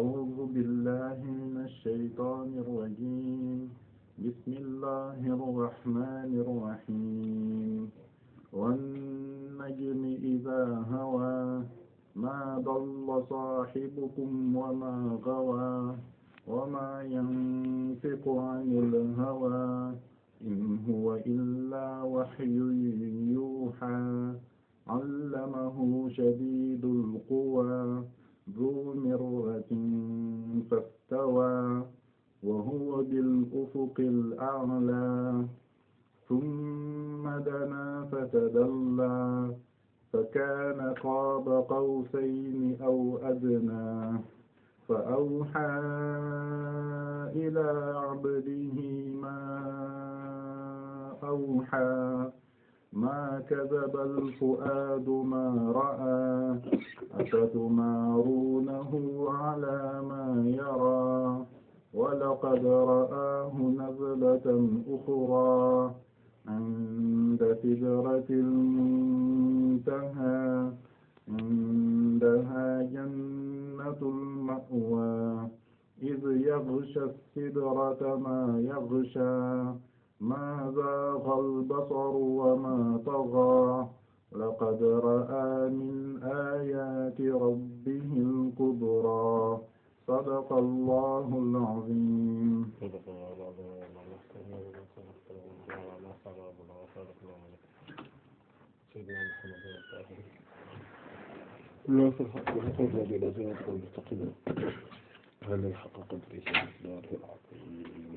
أعوذ بالله من الشيطان الرجيم بسم الله الرحمن الرحيم والنجم إذا هوى ما ضل صاحبكم وما غوى وما ينطق عن الهوى إن هو إلا وحي يوحى علمه شديد القوى ذو مرة فاستوى وهو بالأفق الأعلى ثم دنا فتدلى فكان قاب قوسين أو أدنى فأوحى إلى عبده ما أوحى ما كذب الفؤاد ما رأى أفتمارونه على ما يرى ولقد رآه نزلة أخرى عند سدرة المنتهى عندها جنة المأوى إذ يغشى السدرة ما يغشى ما زاغ البصر وما طغى لقد رأى من آيات ربه الكبرى صدق الله العظيم لا في الحق والقول الذي لا زال قول مستقيما هل الحق قدره داره العظيم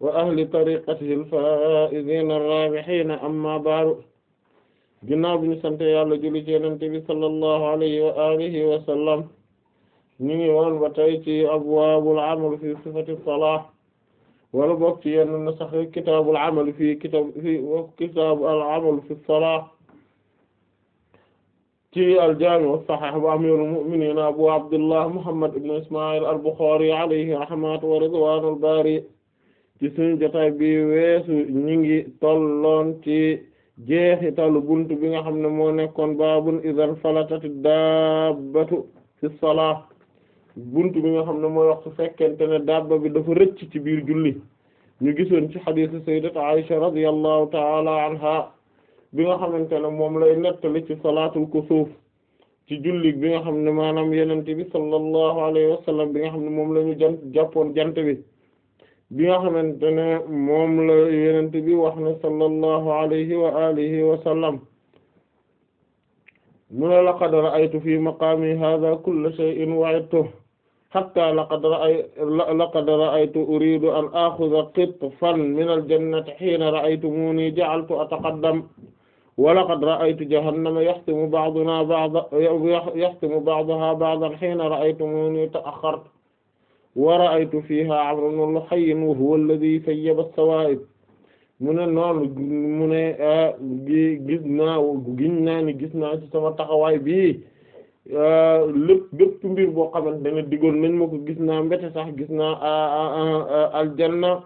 wa ahli tariqatihi al-faa'iziina ar-raabihiina amma ba'du ginnaaw bi ñu sante yàlla julli ci Yonent bi sallallahu alayhi wa alihi wa sallam ñu ngi woon ba tey ci abwaabul amal fi sifati salaah wala bokk ci yenn na sax kitaabul amal fi kitaab fi kitaab al amal fi salaah ci al-jaami' as-sahiih bu amiirul mu'miniin abu abdullah muhammad ibn isma'il al-Bukhari alayhi rahmatu wa ridwaanul baari ci suñu jotaay bi weesu ñi ngi tolloon ci jeexitalu buntu bi nga xam ne moo nekkoon baabun idan falatati dabbatu fi salaa buntu bi nga xam ne mooy wax su fekkente ne bi dafa rëcc ci biir julli ñu gisoon ci xadiisu sayyidat Aisha radiyallahu ta'ala anha bi nga xamante ne moom lay nettali ci salaatul kusuuf ci julli bi nga xam ne maanaam yenente bi sallallahu alayhi nga xam ne moom la ñu jant jant bi bi nga xamante ne moom la yenent bi wax ne sallallahu alayhi wa alihi wa sallam mu ne laqad ra'aytu fi maqaami hadha kulla shay'in wa'idtu hatta laqad ra'aytu laqad ra'aytu uridu an akhudha qitfan min al-jannati hina ra'aytumuni ja'altu ataqaddam wa laqad ra'aytu jahannama yahtimu ba'duna ba'dan yahtimu ba'daha ba'dan hina ra'aytumuni ta'akhkhartu wa ra'aytu fiha amran ibn al-Hayyin wa huwa alladhi sayyaba as-sawaa'ib mu ne noonu mu ne ah, gis naa giñ naa ni gis naa ci sama taxawaay bii ah, lépp lépp mbir boo xamante ne diggoon nañ ma ko gis naa mbete sax gis naa ah, aljanna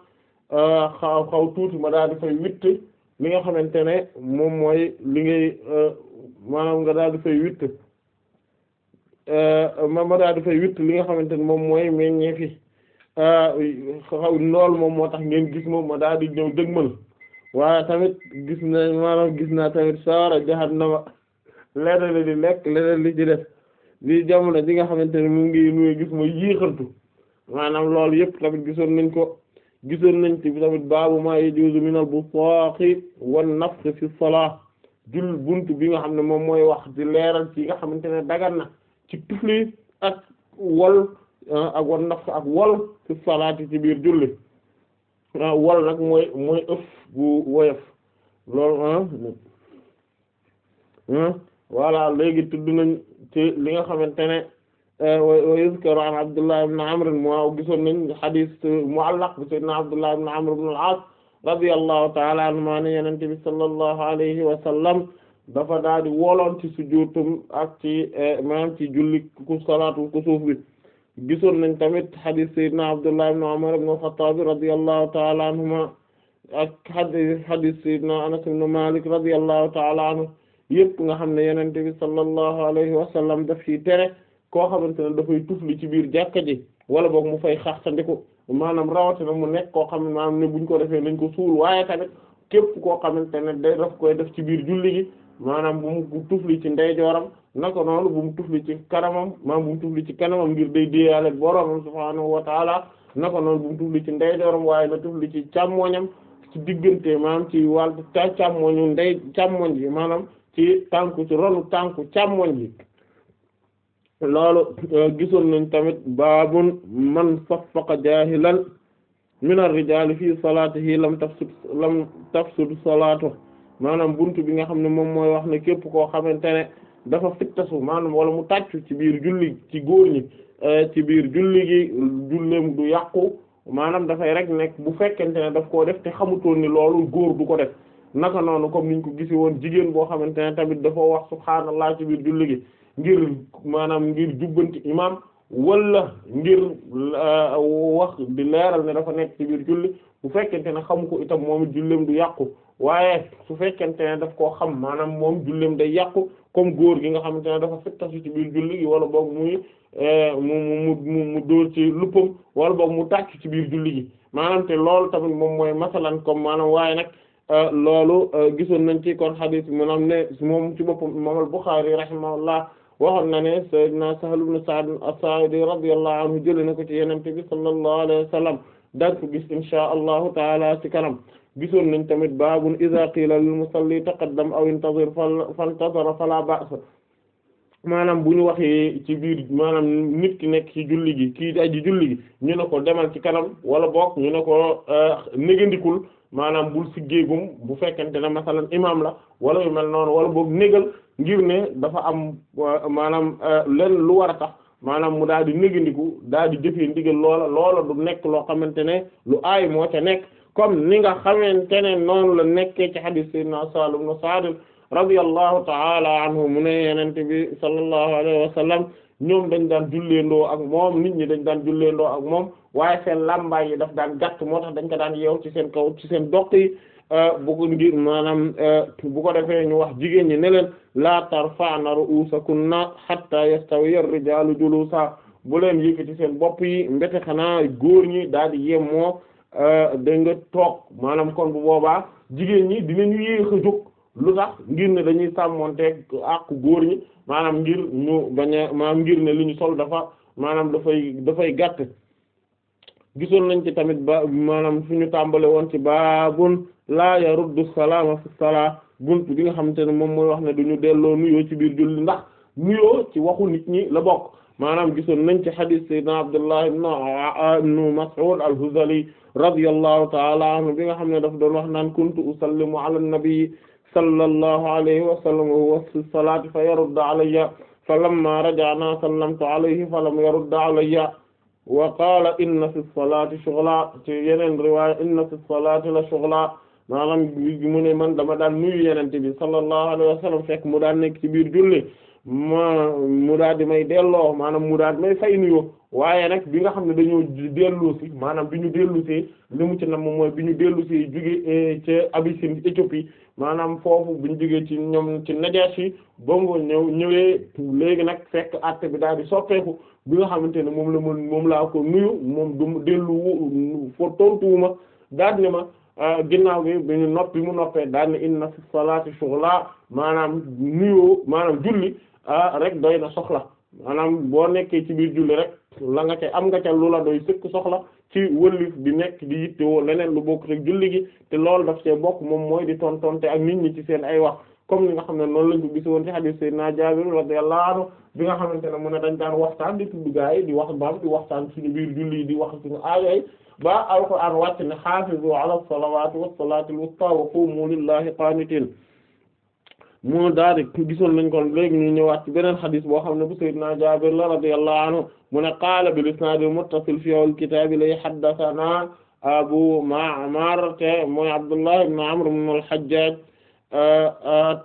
xaw xaw tuuti ma daal di fay witt li nga xamante ne moom mooy li ngay maanaam nga daal di fay witt Euh, ma ma daal di fay witt li nga xamante ne moom mooy meññee fi euh, lool moom moo tax ngeen gis moom ma daal di ñëw dëgmal waa tamit gis na maanaam gis naa tamit saara jahannama leneen li di lekk leneen li di def li jamono ji nga xamante ne mu ngi nuyu gis mooy yéexantu maanaam lool yëpp tamit gisoon nañ ko gisoon nañ ci tamit baabu maa yajuuzu minal busaaqi wan nafxi fi salaah jul bunt bi nga xam ne moom mooy wax di leeral ci nga xamante ne dagan na ci tufli ak wol ah, ak wol fi salaati ci biir julli ah, wol nag mooy mooy ëf bu woyof loolu ah, voilà léegi tudd nañ ci li nga xamante ne eh, wa yuzkaru an Abdullah ibn Amr moo gisoon nañ hadith eh, mu'allaq bi sayyidina Abdullah ibn Amr ibn al-As radiyallahu ta'ala anhu maa ne bi sallallahu alayhi wa dafa daal di woloon ci sujjóotum ak ci eh, maanaam ci julli ku salaatu kusuuf bi gisoon nañ tamit hadith sayyidina Abdullah ibn Umar ibn al-Khattab radiyallahu ta'ala anhuma ak hadith hadith sayyidina Anas ibn Malik radiyallahu ta'ala anhu yëpp nga xam ne yonent bi sallallahu alayhi wa sallam daf ci tere koo xamante ne dafay tufli ci biir jàkka ji wala boog mu fay xaxtandiku maanaam rawatina mu nekk koo xam ne maanaam ne buñ ko defee nañ ko suul waaye tamit képp koo xamante ne day koy def ci biir julli gi maanaam bu mu tufli ci ndeyjooram naka noonu bu mu tufli ci kanamam maanaam bu mu tufli ci kanamam ngir day déeyaale boroomam subhaanahu wa taala naka noonu bu mu tufli ci ndeyjooram waaye na tufli ci càmmoñam ci diggante maanaam ci wàllu ca càmmoñu ndey càmmoñ bi maanaam ci tànku ci ronu tànku càmmoñ bi loolu euh, gisoon nañ tamit baabun man saffaqa jaahilan min ar-rijaali fii salaatihi lam tafsud lam tafsud salaatuhu maanaam buntu bi nga xam ne moom mooy wax ne képp koo xamante ne dafa fittasu maanaam wala mu tàccu ci biir julli ci góor ñi euh, ci biir julli gi julleem du yàqu maanaam dafa rek nekk bu fekkente ne daf koo def te xamutoon ni loolu góor du ko def naka noonu comme niñ ko gisi woon jigéen boo xamante ne tamit dafa wax subhaanallah ci biir julli gi ngir maanaam ngir jubbanti imam wala ngir euh, wax di leeral ne dafa nekk ci biir julli bu fekkente ne xamu ko itam moom julleem du yàqu waaye su fekkente ne daf koo xam maanaam moom julleem day yàqu comme góor gi nga xamante ne dafa fittasu ci biir julli gi wala boog muy euh, mu mu mu mu ci luppam wala boog mu tàcc ci biir julli gi maanaam te loolu tamit moom mooy masalan comme maanaam waaye nag euh, loolu gisoon nañ ci kon xadiis maanaam ne moom ci boppam imaam al Buxaari rahimahullah waxoon na ne sayyidina Sahl ibn Sa'd as-Sa'idi radiyallahu anhu jëlee na ko ci Yonent bi sallallahu alayhi wa sallam daan ko gis insha allahu taala ci kanam gisoon nañ tamit baabun iza qila lil musalli taqaddam aw intazir fantazara fala ba'sa maanaam bu ñu waxee ci biir maanaam nit ki nekk ci julli gi kii aji julli gi ñu ne ko demal ci kanam wala book ñu ne ko euh, kul maanaam bul siggeegum bu fekkente ne masalan imam la wala yu mel noonu wala book négal ngir ne dafa am maanaam euh, lenn lu war a tax maanaam mu daal di négandiku daal di jëfee ndigal loola loola du nekk loo xamante ne lu ay moo nekk comme ni nga xamante ne noonu la nekkee ci hadith sayyidina Sahl ibn Sa'd radiyallahu ta'ala anhu mu ne yenente bi sallallahu alayhi wa sallam ñoom dañ daan julleendoo ak moom nit ñi dañ daan julleendoo ak moom waaye seen làmbaay yi daf daan gàtt moo tax dañ ko daan yeew ci seen kaw ci seen doq yi Euh, buko ngir maanaam euh, bu ko defee ñu wax jigéen ñi ne leen la tarfa'na ru'usakunna hatta yastawiya ar-rijalu julusa bu leen yëkkati seen bopp yi mbete xanaa góor ñi daal di yem moo euh, da nga toog maanaam kon bu boobaa jigéen ñi dinañu yéex a lu tax ngir ne dañuy sàmmonteeg ak góor ñi maanaam ngir ñu bañ a maanaam ngir ne li ñu sol dafa maanaam dafay dafay gàtt gisoon nañ ci tamit ba maanaam fu ñu tàmbale woon ci baabun laa yaruddu salaama fi salaa buntu bi nga xamante ne moom mooy wax ne duñu delloo nuyoo ci biir julli ndax nuyoo ci waxu nit ñi la bokk maanaam gisoon nañ ci xadiis sayyidina Abdullah ibn Mas'ud al-Hudhali radiyallahu ta'ala anhu bi nga xam ne daf doon wax naan kuntu usallimu ala an-nabi sallallahu alayhi wa sallam wa huwa fi salaati fa yaruddu alayya falamma raja'na sallamtu alayhi falam yaruddu alayya wa qaala inna fi salaati shughla ci yeneen riwaaya inna fi salaati la shughla maanaam mu ne man dama daan nuyu yenente bi sallallahu alayhi wa sallam fekk mu daan nekk ci biir julli ma mu daal di may delloo maanaam mu daan di may fay waaye nag bi nga xam ne dañoo dellu si maanaam bi ñu dellu see li mu ci nam mooy bi ñu dellu see jóge eh, ca Abyssinie Éthiopie maanaam foofu bu ñu ci ñoom ci Najashi ba mu ñëw ñëwee léegi nag fekk àtte bi daal di soppeeku bi nga xamante ne moom la moom laa ko nuyu moom du dellu fo tontuwuma daal ne ma Euh, ginnaaw gi bi ñu noppi mu noppee daan inna fi salaati shughla maanaam nuyoo maanaam julli euh, rek doy na soxla maanaam boo nekkee ci biir julli rek la nga ca am nga ca lu la doy sëkk soxla ci wëllif di nekk di yittewoo leneen lu bokk rek julli gi te loolu daf cee bokk moom mooy di tontonte ak nit ñi ci seen ay wax comme li nga xam ne noonu lañ ko gis woon ci hadith Seydina Jaabir radiyallahu anhu bi nga xamante ne mu ne dañ daan waxtaan di tudd gaa yi di wax baam di waxtaan suñu biir julli di wax suñu aajo ba alquran wàcc ne xaafizu ala salawaati wa salaatil wusta wa qumu lillahi qanitin mu daal di gisoon nañ ko léegi ñu ñëwaat ci beneen xadis boo xam ne bu sayyidina Jaabir la radiyallahu anhu mu ne qaala bil isnaadil muttasil fi awwal kitaabi lay haddathana Abu Ma'mar te mooy Abdullah ibn Amr ibn al-Hajjaj euh,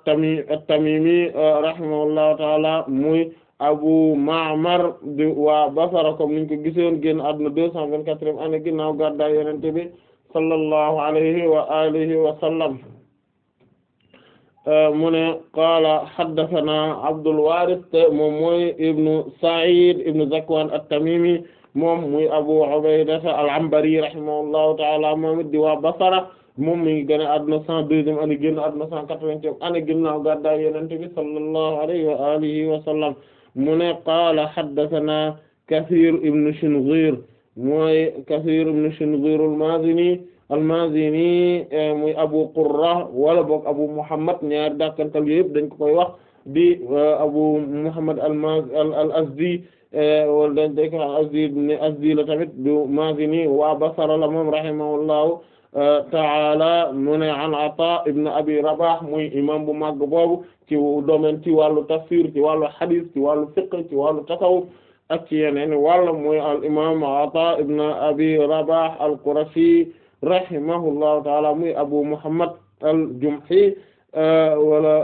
euh, at-Tamimi euh, rahimahullahu ta'ala muy Abu Ma'mar di waa Basra comme niñ ko gisoon génn àdduna deux cent vingt-quatrième année ginnaaw gàddaay Yonent bi sallallahu alayhi wa alihi wa sallam euh, mu ne qaala haddathana Abdul Waarith moom mooy ibnu Sa'id ibnu Zakwan at-Tamimi moom muy Abu Ubayda al-Anbari rahimahullahu ta'ala moom it di waa Basra moom mi ngi gën a àdduna cent deuxième année génn àdduna cent quatre-vingtième année ginnaaw gàddaay Yonent bi sallallahu alayhi wa alihi wa sallam mu ne qaala haddathana Kathir ibn Shinghir mooy Kathir ibn Shinghir al-Maazini al-Maazini eh, muy Abu Qurra wala boog Abu Muhammad ñaari dàkkantal yëpp dañ ko koy wax di eh, Abu Muhammad al-Azdi eh, wala dañ koy wax Azdi ne Azdi la tamit du Maazini waa Basra la moom rahimahullahu taala mu ne an Ata ibn Abi Rabah muy imam bu màgg boobu ci domaine ci wàllu tafsir ci wàllu hadith ci wàllu fiqh ci wàllu tasawuf ak ci yeneen wàll muy al imam Ata ibn Abi Rabah al-Qurashi rahimahullahu taala muy Abu Muhammad al-Jumhi euh, wala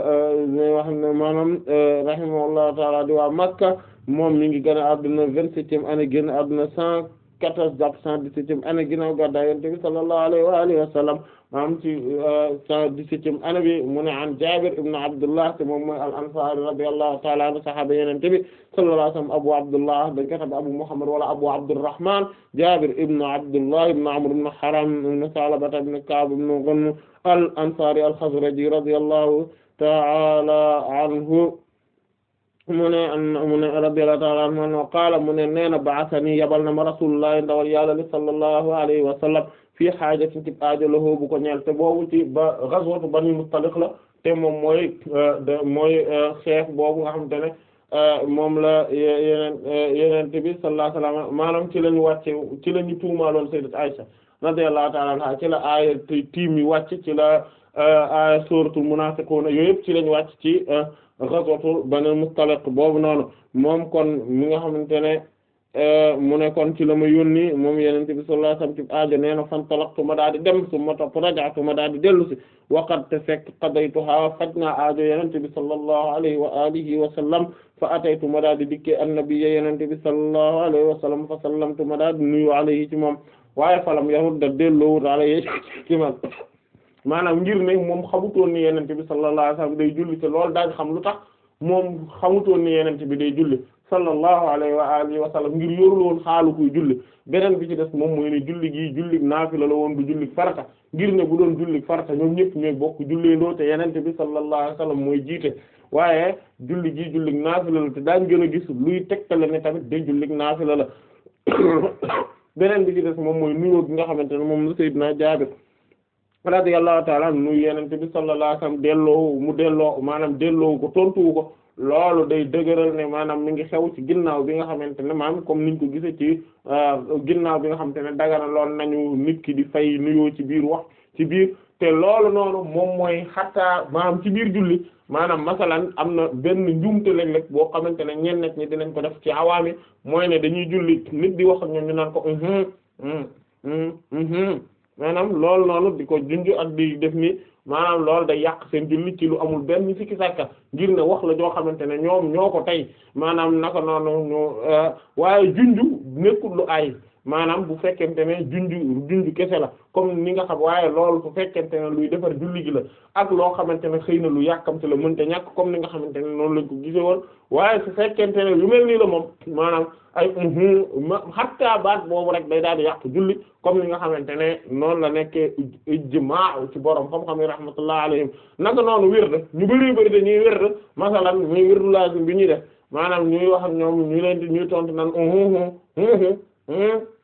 wax euh, ne maanaam euh, rahimahullahu taala di waa Makka moom mi ngi gën a adduna vingt-septième année génn adduna cent quatorze jàpp cent dix-septième année ginnaaw gàddaay Yonent bi sallallahu alayhi wa alihi wa sallam maanaam ci euh, cent dix-septième année bi mu ne an Jaabir ibn Abdullah te moom mooy al-Ansaari radiyallahu ta'ala anhu sahaaba Yonent bi sallallahu alayhi wa sallam Abu Abdullah dañ ko tabb Abu Muhammad wala Abu Abdurrahman Jaabir ibn Abdullah ibn Amr ibn Haram ibn Salaba ibn Ka'b ibn Ghanm al-Ansaari al-Khazraji radiyallahu ta'ala anhu mu ne mu ne radiyallahu ta'ala anhu no qaala mu ne nee na ba'athani yabal na ma rasulullah ndawal yàlla li sallallahu alayhi wa sallam fii haajatin ci aajo la bu ko ñeel te boobu ci ba ghazwatu Bani Mustaliq la te moom mooy mooy xeex boobu nga xamante ne moom la yeneen yeneen bi sallallahu alayhi wa ci lañu wàcce ci ci la aaya tiim yi wàcc ci la suuratul munaafiquun yooyu yëpp ci lañ wàcc ci ghazwatul Bani Mustaliq boobu noonu moom kon mi nga xamante ne mu ne kon ci la ma yónni moom yonent bi sallallahu alayhi wasallam ci aajo nee na fantalaqtu ma daal di dem su ma topp raja'tu ma daal di dellu si waqad te fekk qadaytuha faj na aajo yonent bi sallallahu alayhi wa alihi wa sallam fa ma daal di dikkee annabiyya yonent bi sallallahu alayhi wa sallam fa sallamtu ma daal di nuyu alayhi ci moom waaye falam yarudda delloowut alayhi ci man maanaam ngir ne moom xamutoon ni yenente bi sallallahu alayhi wa sallam day julli te lool daañ xam lu tax moom xamutoon ni yenente bi day julli sallallahu alayhi wa alihi wa sallam ngir yorul woon xaalu julli beneen bi ci des moom mooy ne julli gii julli naafila la woon du julli farata ngir ne bu doon julli farata ñoom ñëpp ñooy bokk julleendoo te yenente bi sallallahu alayhi wa sallam mooy jiite waaye julli gii julli naafila la te daañ gën a gis luy tegtale ne tamit day julli naafila la beneen bi ci des moom mooy nuyoo bi nga xamante ne moom la Seydina Jaabir radiyallahu ta'ala nu yenente bi sallallahu alayhi wasallam delloowu mu delloo maanaam delloowu ko tontuwu ko loolu day dëgëral ne maanaam mi ngi xew ci ginnaaw bi nga xamante ne maanaam comme niñ ko gisee ci euh, ginnaaw bi nga xamante ne dagana lool nañu nit ki di fay nuyoo ci biir wax ci biir te loolu noonu moom mooy xataa maanaam ci biir julli maanaam masalan am na benn njuumte léeg-léeg boo xamante ne ñenn nit ñi dinañ ko def ci awaami mooy ne dañuy julli nit di wax ak ñoom ñu naan ko maanaam loolu noonu di ko junj ak di def ni maanaam lool day yàq seen julli ci lu amul benn sikki sàkka ngir ne wax la joo xamante ne ñoom ñoo ko tey maanaam naka noonu ñu euh, waaye junj nekkul lu aay maanaam bu fekkente ne junju junju kese la comme ni nga xam waaye loolu bu fekkente ne luy defar julli gi la ak loo xamante ne xëy na lu yàkkamte la mënta ñàkk comme ni nga xamante ne noonu lañ ko gise woon waaye su ne lu mel nii la moom maanaam ay hatta baat boobu rek day daal di yàq julli comme ni nga xamante ne noonu la nekkee maa ci borom xam-xam yi rahmatullah alayhim naka noonu wird ñu bari bari dañuy wird masalan ñuy wirdu lazim bi ñuy def maanaam ñuy wax ak ñoom ñu leen di ñuy tontu nan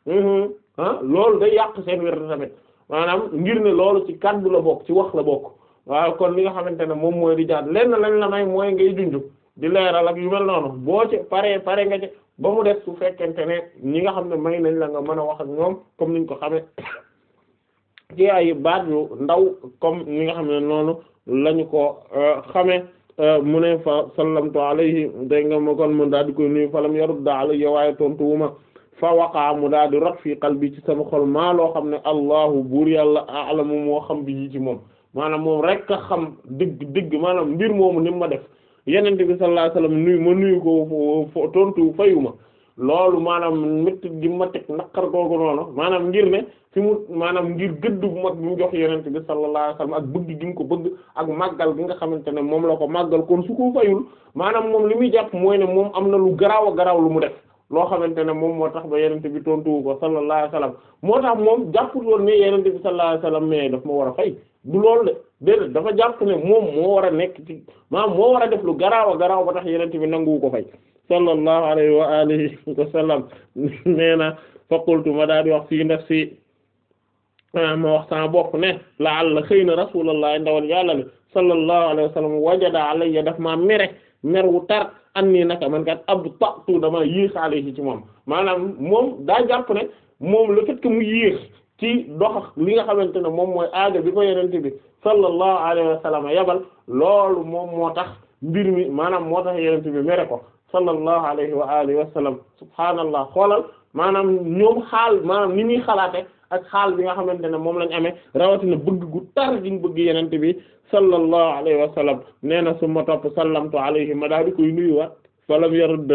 Mhm. ah loolu day yàq seen wird tamit maanaam ngir ne loolu ci kaddu la bokk ci wax la bokk waaw kon li nga xamante ne moom mooy di jaat lenn lañ la may mooy ngay junj di leeral ak yu mel noonu boo ci paree pare nga ci ba mu def su fekkente ne ñi nga xam ne may nañ la nga mën a wax ak moom comme niñ ko xamee ci ay baat yu ndaw comme ñi nga xam ne noonu lañu ko euh, xame euh, mu ne fa sallamtu alayhi dégg nga ma kon mu daal di koy nuyu falam yarudda alayhi waaye tontu wu ma fa waqaa mu daal di rot fii qalbi ci sama xol maa loo xam ne allahu buur yàlla alamu moo xam bi yi ci moom maanaam moom rek xam dëgg dëgg maanaam mbir moomu ni ma def yeneen bi sallallahu alayhi wasallam nuyu ma nuyu ko tontu fayu ma loolu maanaam métti gi ma teg naqar googu noonu maanaam ngir ne fi mu maanaam ngir gëdd bu mag mu jox yeneen bi sallallahu alayhi wasallam ak bëgg gi ko bëgg ak màggal gi nga xamante ne moom la ko màggal kon su ko fayul maanaam moom li muy jàpp mooy ne moom am na lu garaaw a garaaw lu mu def loo xamante ne moom moo tax ba yenente bi tontuwu ko sallallahu alayhi wasallam moo tax moom jàppul woon ne yenente bi sallallahu alayhi a dafa jàpp ne moom moo war a nekk ci maanaam moo war ko fay sallallahu alayhi wa alihi wasallam nee na ma daal wax fii naf si ma wax sama bopp ne la àlla xëy na rasulullah ndawal yàlla ne sallallahu wajada alayya daf ma mere mer wu tar an nii naka man kat ab tatu dama yéex alayhi ci moom maanaam moom daa jàpp ne moom le fait que mu yéex ci dox li nga xamante ne moom mooy aajo bi ko yenente bi sallallahu alayhi wa sallam yabal loolu moom moo tax mbir mi maanaam moo tax yenente bi mere ko sallallahu alayhi wa alihi wa sallam subhaanallah xoolal maanaam ñoom xaal maanaam ni muy xalaate ak xaal bi nga xamante ne moom lañ amee rawatina bëgg gu tar gi ñu bëgg yenente bi sallallahu alayhi wa sallam nee na su ma topp sallamtu alayhi ma daal di koy nuyuwaat falam yarud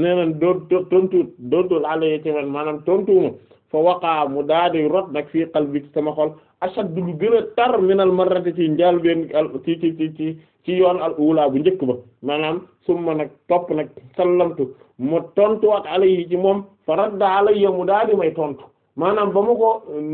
nee na doon tontuut doontul alayhi ci man maanaam tontuuma fa waqaa mu daal di rot nag fii qalbi ci sama xol ashaddu lu gën a tar minal marrati ci njaal benn al ci ci ci ci ci yoon al ula bu njëkk ba maanaam summa nag topp nag sallamtu ma tontuwaat alayhi ci moom fa radda alayya mu daal di may tontu maanaam ba ma ko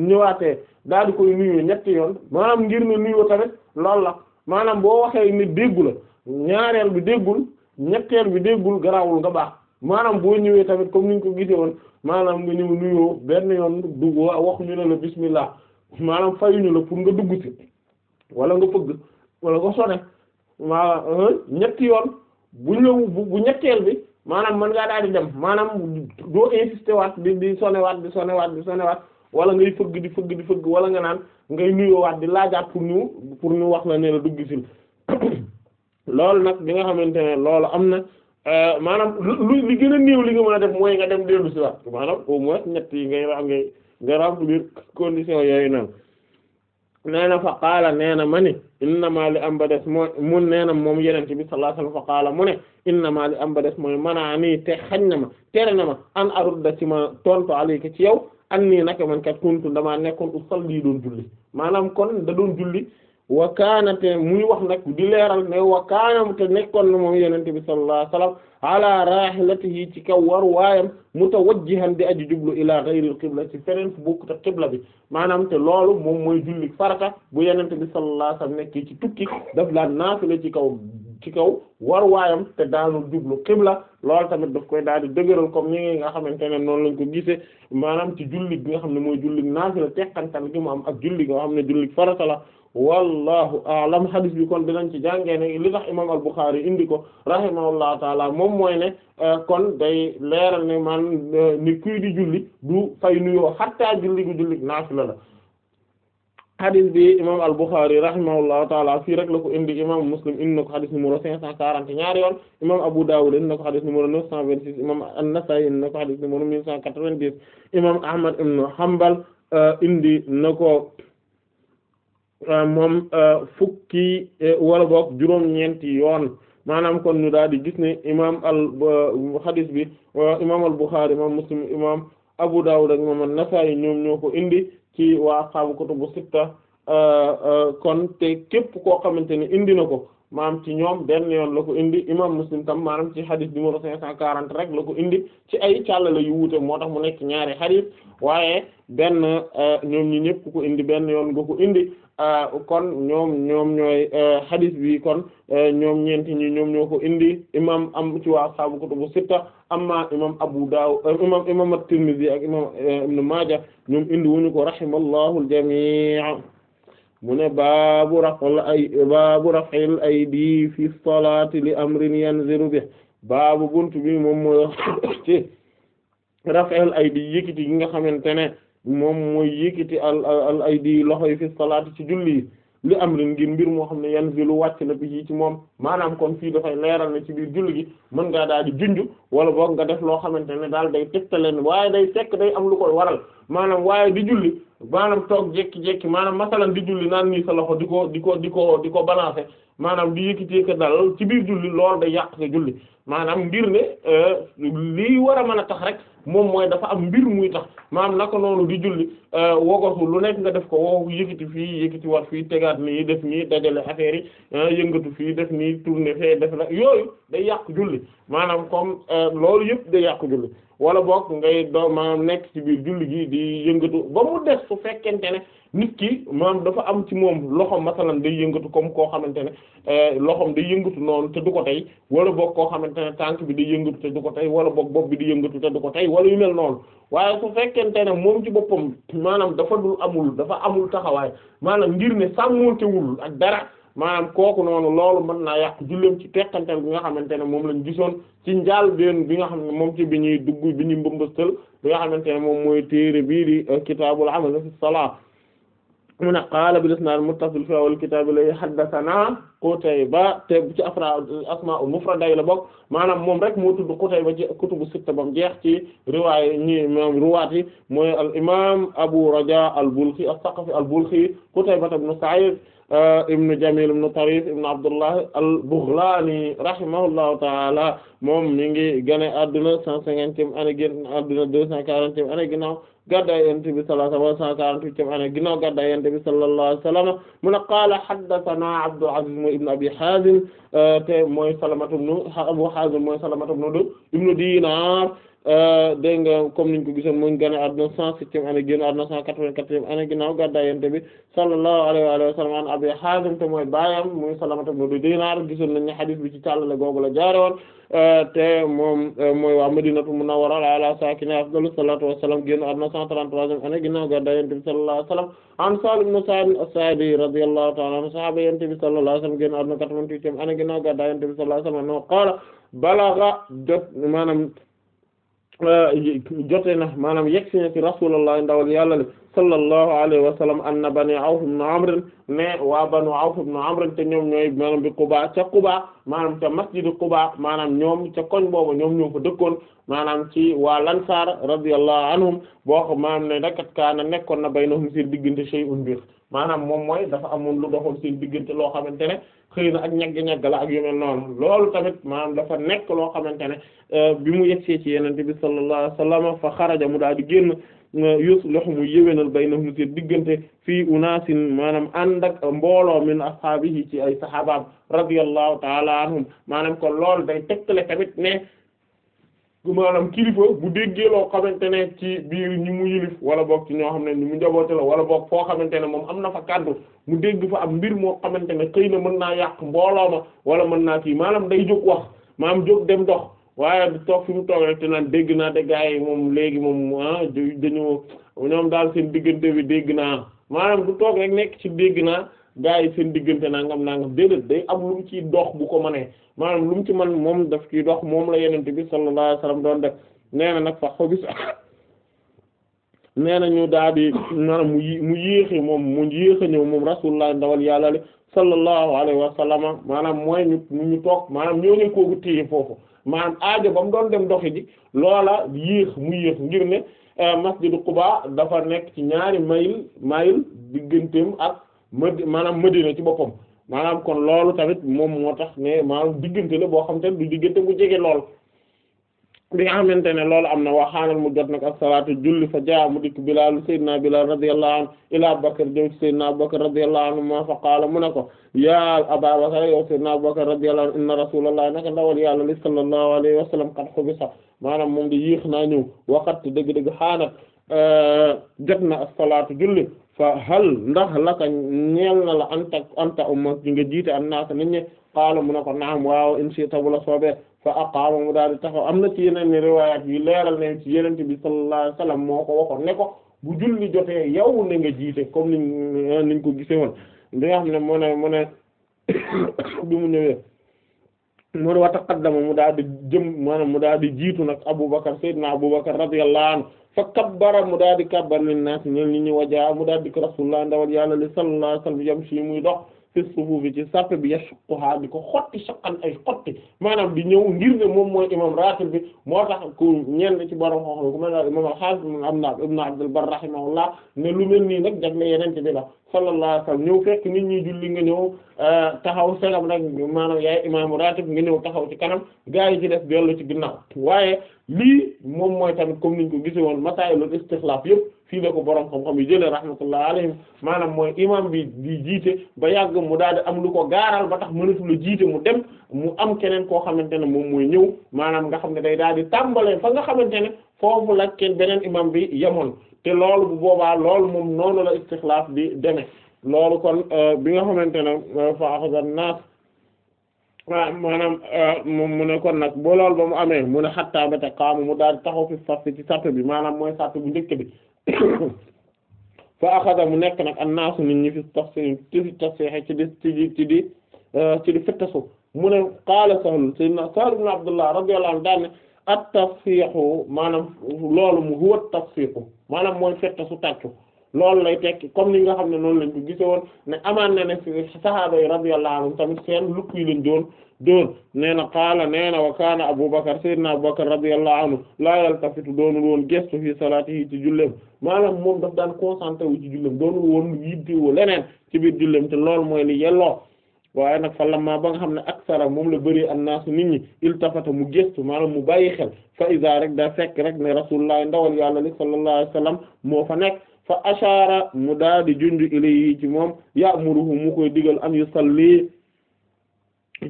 ñëwaatee daal di koy nuyu ñetti yoon maanaam ngir ne nuyu tamit loolu la maanaam boo waxee ni déggu la ñaareel bi déggul ñetteel bi déggul garaawul nga baax maanaam boo ñëwee tamit comme ni ñu ko gisee woon maanaam nga ñëw nuyoo benn yoon dugg waxu ñu ne la bismillah maanaam fayuñu la pour nga dugg ci wala nga pëgg wala nga sone maa euh, ñetti yoon bu ñëw bu ñetteel bi maanaam mën ngaa daal di dem maanaam doo insister waat di di sonewaat di sonewaat di sonewaat wala ngay fëgg di fëgg di fëgg wala nga naan ngay waat di laajaat pour ñu pour ñu wax la ne la dugg si loolu nag li nga xamante ne loolu am na euh, maanaam lu li gën a néew li nga mën a def mooy nga dem dellu si waat maanaam au moins ñett yi ngay ra ngay nga remplir condition yooyu noonu nee na fa qaala nee na ma ni innama li am ba des mooy mun nee na moom yenente bi sallallahu alayhi wasallam fa qaala mu ne innama li am ba des mooy manaa nii te xañ na ma tere na ma an arudda ci ma tontu alayka ci yow an nii naka man kat kuntu damaa nekkoon usalli doon julli maanaam kon da doon julli wa kaana te muy wax nag di leeral ne wa kaana te nekkoon na moom yonent bi sallallahu alayhi wa sallam ala ci kaw war waayam mu mutawajjihan di aji jublu ila ghayril qibla ci feneen fu bokku ta qibla bi maanaam te loolu moom mooy julli farata bu yonent bi sallallahu alayhi wa sallam nekk ci tukki daf laa naafila ci kaw ci kaw war waayam te daanu jublu qibla loolu tamit daf koy daal di dëgëral comme ñi nga xamante ne noonu lañ ko gisee maanaam ci julli bi nga xam ne mooy julli naafila teqantal gi mu am ak julli nga xam ne julli farata la wallahu a'lam hadith bi kon dinañ ci jàngee ne li tax imam al-Bukhari indi ko rahimahullahu taala moom mooy ne euh, kon day leeral ne man euh, ni kuy di julli du fay nuyoo xattaa julli gu julli naafila la bi imam al-Bukhari rahimahullahu taala fii rek la ko indi imam Muslim indi na ko hadith numéro cinq cent quarante ñaari yoon imam Abu Dawud indi na ko hadith numéro neuf cent vingt-six imam An-Nasa'i indi na ko hadith numéro mille cent quatre-vingt-dix imam Ahmad ibn Hanbal euh, indi na ko Euh, moom euh, fukki euh, wala boog juróom-ñeenti yoon maanaam kon ñu daal di gis ne imaam al hadis bi imaam al Bukhari imaam Muslim imaam Abu Dawud ak imaam an-Nasa'i ñoom ñoo ko indi ci waa xaabu kutubu sitta kon te képp koo xamante ne indi na ko maanaam ci ñoom denn yoon la ko indi imaam Muslim tam maanaam ci hadis numéro cinq cent quarante rek la ko indi ci ay càllale yu wuute moo tax mu nekk ñaari hadis waaye benn euh, ñoom ñi ñëpp ku ko indi benn yoon nga ko indi euh, kon ñoom ñoom ñooy euh, hadith bi kon ñoom ñeenti ñi ñoom ñoo ko indi imam am ci waa saabu kutubu sitta amma imam Abu Dawud imam imam at-Tirmidhi ak imam Maaja ñoom indi wuñu ko rahimallahu al-jamii' mu ne baabu raf'il ay baabu raf'il aydi fi salaati li amrin yanziru bi baabu buntu bi moom mooy ci raf'il aydi yëkkati gi nga xamante ne moom mooy yëkkati al al aydi loxo yi fi salaati ci julli yi li am rin ngir mbir moo xam ne yan yanzilu wàcc na bi yi ci moom maanaam kon fii dafay leeral ne ci biir julli gi mën ngaa daal di junj wala boog nga def loo xamante ne daal day tegtaleen waaye day fekk day am lu koy waral maanaam waaye di julli maanaam toog jekki-jekki maanaam masalan di julli naan nii sa loxo di ko di ko di ko di ko balancer maanaam di yëkkati yëkkat daal ci biir julli lool day yàq sa julli maanaam mbir ne euh, lii war a mën a tax rek moom mooy dafa am mbir muy tax maanaam naka noonu di julli euh, wogosu lu nekk nga def ko woo yëkkati fii yëkkati wax fii tegaat nii def nii dajale affaire yi euh, yëngatu fii def nii tourner fee def la yooyu day yàq julli maanaam comme loolu yëpp day yàq julli wala boog ngay doo maanaam nekk ci biir julli gi di yëngatu ba mu des su fekkente ne nit ki maanaam dafa am ci moom loxom masalan day yëngatu comme koo xamante ne eh, loxom day yëngatu noonu te du ko tey wala boog koo xamante ne tànk bi day yëngatu te ko tey wala boog bopp bi di yëngatu te du ko tey wala yu mel noonu waaye su fekkente ne moom ci boppam maanaam dafa dul amul dafa amul taxawaay maanaam ngir ne sàmmootewul ak dara maanaam kooku noonu loolu mën naa yàq julleem ci tekkantal bi nga xamante ne moom lañ gisoon ci njaal benn bi nga xam ne moom ci bi ñuy dugg bi ñuy mbëmbastal bi nga xamante ne moom mooy téere bii di euh, kitaabul amal fi salaa mu ne qaala bil isnaad muttasil fi awal kitaab la haddathana Qutayba te ci afra asmaa'ul mufrada yi la bokk maanaam moom rek moo tudd ba ci kutubu sitta bam jeex ci riwaay ñi moom ruwaat yi mooy al imaam Abu Rajaa al-Balkhi as-Saqafi al-Balkhi Qutayba ibn Sa'id Euh, ibnu Jamil ibnu Tarif ibnu Abdullah al-Baghlani rahimahullahu taala moom mi ngi gane adduna cent cinquantième année génn adduna deux cent quarantième année ginnaaw gàddaay Yonent bi sallallahu alayhi wa sallam cent quarante-huitième année ginnaaw gàddaay Yonent bi sallallahu alayhi wa sallam mu ne qaala haddathanaa Abdul Aziz ibnu Abi Haazim euh, te mooy Salamatu ibnu Abu Haazim mooy Salamatu ibnu Diinaar Euh, dégg nga comme niñ ko gisoon mooy gane àdduna cent septième année génn àdduna cent quatre-vingt-quatrième année ginnaaw gàddaay yonent bi sallallahu alayhi wa sallam an Abi Haazim te mooy baayam muy Salamata ibn Dinaar gisoon nañ ne bi ci càllale googu jaare woon euh, te moom euh, mooy waa Madinatu Munawwara ala saakinihaa afdalu salaatu wa salaam génn àdduna cent trente-troisième année ginnaaw gàddaay yonent bi sallallahu alayhi an Sahl ibn Sa'd as-Saa'idi radiyallahu ta'ala bi sallallahu Euh, jote na maanaam yegsi na ci rasulullah ndawal yàlla le sallallahu alayhi wa sallam anna bani Awf ibn Amr ne waa banu Awf ibn Amr te ñoom ñooy maanaam bi Quba ca Quba maanaam ca masjidu Quba maanaam ñoom ca koñ boobu ñoom ñoo ko dëkkoon maanaam ci waa Lansar radiyallahu anhum boo xam maanaam ne rekkat kaana nekkoon na baynahum seen diggante shay'un mbir maanaam moom mooy dafa amoon lu doxoon seen diggante loo xamante ne xëy na ak ñagg-ñagg la ak yu mel noonu loolu tamit maanaam dafa nekk loo xamante ne euh, bi mu yegsee ci yenente bi sallallahu alayhi wasallam fa xaraja mu daal di génn euh, yuslihu mu yëwénal baynahum seen diggante fii unaasin maanaam ànd ak mbooloo min ashaabihi ci ay sahabaam radiyallahu taala anhum maanaam ko loolu day tegtale tamit ne maanaam kilifa bu déggee loo xamante ne ci biir ñi mu yilif wala boog ci ñoo xam ne ñi mu njaboote la wala boog foo xamante ne moom am na fa kàddu mu dégg fa am mbir moo xamante ne xëy na mën naa yàq mbooloo ma wala mën naa kii maanaam day jóg wax maanaam jóg dem dox waaye du toog fi mu toog rek te naan dégg naa de gars yi moom léegi moom ah dañoo ñoom daal seen diggante bi dégg naa maanaam du toog rek nekk ci dégg naa gaa yi seen diggante nangam nangam déedéet day am lu mu ciy dox bu ko mënee maanaam lu mu ci mën moom daf ciy dox moom la yenente bi sallallahu alayhi doon def nee na nag fa xobis nee na ñu daal di maanaam mu y mu yéexi moom mu yéex a ñëw moom yàlla li sallallahu wa sallama maanaam mooy ñu ñu toog maanaam ñoo ne kooku téye foofu maanaam aajo ba mu doon dem doxi di loola yéex mu yéex ngir ne euh, masjidu Quba dafa nekk ci ñaari mayil mayil digganteem ak madi maanaam madina ci boppam maanaam kon loolu tamit moom moo tax ne maanaam diggante la boo xam ten du diggante bu jege lool bi nga xamante ne loolu am na waxaanal mu jot nag as-salaatu julli fa jaa mu dikk Bilaal Seydina Bilaal radiyallahu anhu ila Abubakar jëm ci Seydina Abubakar radiyallahu anhu ma fa mu ne ko yaa Abaa Bakr yow Seydina Abubakar radiyallahu anhu inna rasulallah naka ndawal yàlla li sallallahu alayhi wa sallam qad xubisa maanaam moom di yéex naa ñëw waxat dëgg-dëgg xaanat jot na as-salaatu julli fa hal ndax laka ñeel na la anta anta umma di nga jiite an naata nit ñi qaala mu ne ko naam waaw in shi'ta bu la soobee fa aqaama mu daal di taxaw am na ci yeneen riwaayaat yi leeral nañ ci Yonent bi sallallahu alayhi wasallam moo ko waxoon ne ko bu julli jotee yow na nga jiite comme niñ niñ ko gisee woon li nga xam ne mu ne mu ne bi mu ñëwee mun wa taqaddama mu daal di jëm maanaam mu daal di jiitu nag Abubakar Seydina Abubakar radiyallahu anhu fa kabbara mu daal di kabbar lin naas ñel nit ñi wajaa mu daal di ko rasulullah ndawal yàlla li sallallahu alayhi wasallam yam si muy dox fi sufuufi ci sàppe bi yashuqquha di ko xotti shaqan ay xotti maanaam bi ñëw ngir ne moom mooy imam raatib bi moo tax ku ñenn ci borom xooxam ku mel ne imam al-Hafiz ibn Abd ibn Abd al-Barr rahimahullah ne lu mel nii nag jagle yeneen ci bi la sallallahu alayhi wa sallam ñëw fekk nit ñi julli nga ñëw euh, taxaw segam rek maanaam yaay imaamu ratib nga ñëw taxaw ci kanam gaa yi ci def dellu ci ginnaaw waaye lii moom mooy tamit comme niñ ko gisee woon mataayilul istixlaaf yëpp fii la ko borom xam-xam yi jëlee rahmatullah alayhim maanaam mooy imam bi di jiite ba yàgg mu daal di am lu ko gaaral ba tax mënatu la jiite mu dem mu am keneen koo xamante ne moom mooy ñëw maanaam nga xam ne day daal di tàmbalee fa nga xamante ne foofu la kenn beneen imam bi yemoon te loolu bu boobaa loolu moom noonu la istixlaaf bi demee loolu kon euh, bi nga xamante ne euh, fa axasan naas maanaam euh, moom mu ne kon nag boo loolu ba mu amee mu ne xattaa ba te mu daal taxaw fi saff ci satt bi maanaam mooy satt bu njëkk bi fa axada mu nekk nag an naasu nit ñi fi tax ci tax ci di ci di ci di fittasu mu ne qaala Sahl sayyidina Sahl ibn Abdullah radiyallahu anhu daan ne at tasfiixu maanaam loolu mu huwa tasfiixu maanaam mooy fetta su tàccu loolu lay tekki comme ni nga xam ne noonu lañ ko gise woon ne amaan na ne sahaaba yi radiyallahu anhum tamit seen lukk yi lañ doon doon nee na qaala nee na wa kaana aboubacar sayyidina aboubacar radiyallahu anhu laa yaltafitu doonul woon gestu fi salaatihi ci jullem maanaam moom daf daan concentré wu ci jullem doonul woon yittewoo leneen ci biir jullem te loolu mooy li yelloo waaye nag fa lamma ba nga xam ne aksara moom la bari annaas nit ñi iltafata mu gëstu maanaam mu bàyyi xel fa isa rek daal fekk rek ne rasulullah ndawal yàlla li sallallahu alayhi wa sallam moo fa nekk fa ashaara mu daal di junj ilayhi ci moom ya'muruhu mu koy digal am yu salli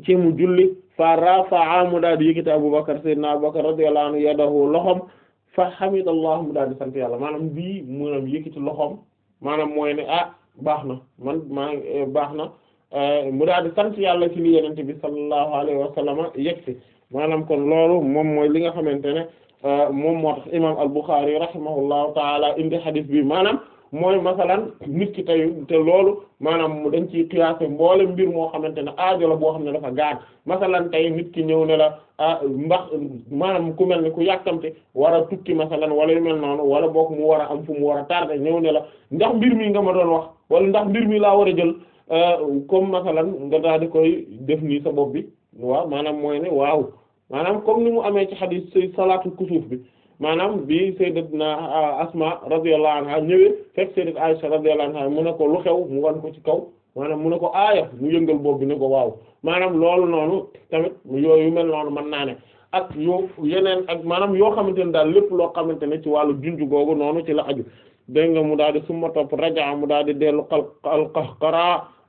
ci mu julli fa rafa'a mu daal di yëkkati Abubakar sayyidina Abubakar radiyallahu anhu yadahu loxom fa hamidallahu mu daal di sant yàlla maanaam bii maanaam yëkkati loxom maanaam mooy ne ah baax na man maa eh, baax na Euh, mu daal di sant yàlla ci li yenente bi sallallahu alayhi wa sallam yegsi maanaam kon loolu moom mooy li nga xamante ne euh, moom moo tax imam al-Bukhari rahimahullahu taala indi hadith bi maanaam mooy masalan nit ki tey te loolu maanaam mu dañ ciy classé mboole mbir moo xamante ne aajo boo xam ne dafa gaan masalan tey nit ki ñëw ne la ah mbax maanaam ku mel ni ku yàkkamte war a tukki masalan wala yu mel noonu wala boog mu war a am fu mu war a tardé ñëw ne la ndax a Euh, comme masalan nga daal di koy def nii sa bopp bi waaw maanaam mooy ne waaw maanaam comme ni mu amee ci xadiis say salaatu kusuuf bi maanaam bi sayyidatna Asma radiyallahu anha ñëwee fekk sayyidat Aisha radiyallahu anha mu ne ko lu xew mu wan ko ci kaw maanaam mu ne ko aaya mu yëngal bopp bi ne ko waaw maanaam loolu noonu tamit yooyu mel noonu mën naa ne ak yoo yeneen ak maanaam yoo xamante ne daal lépp loo xamante ne ci wàllu junj googu noonu ci la aju dégg nga mu daal di summa topp raja mu daal di dellu alqahqara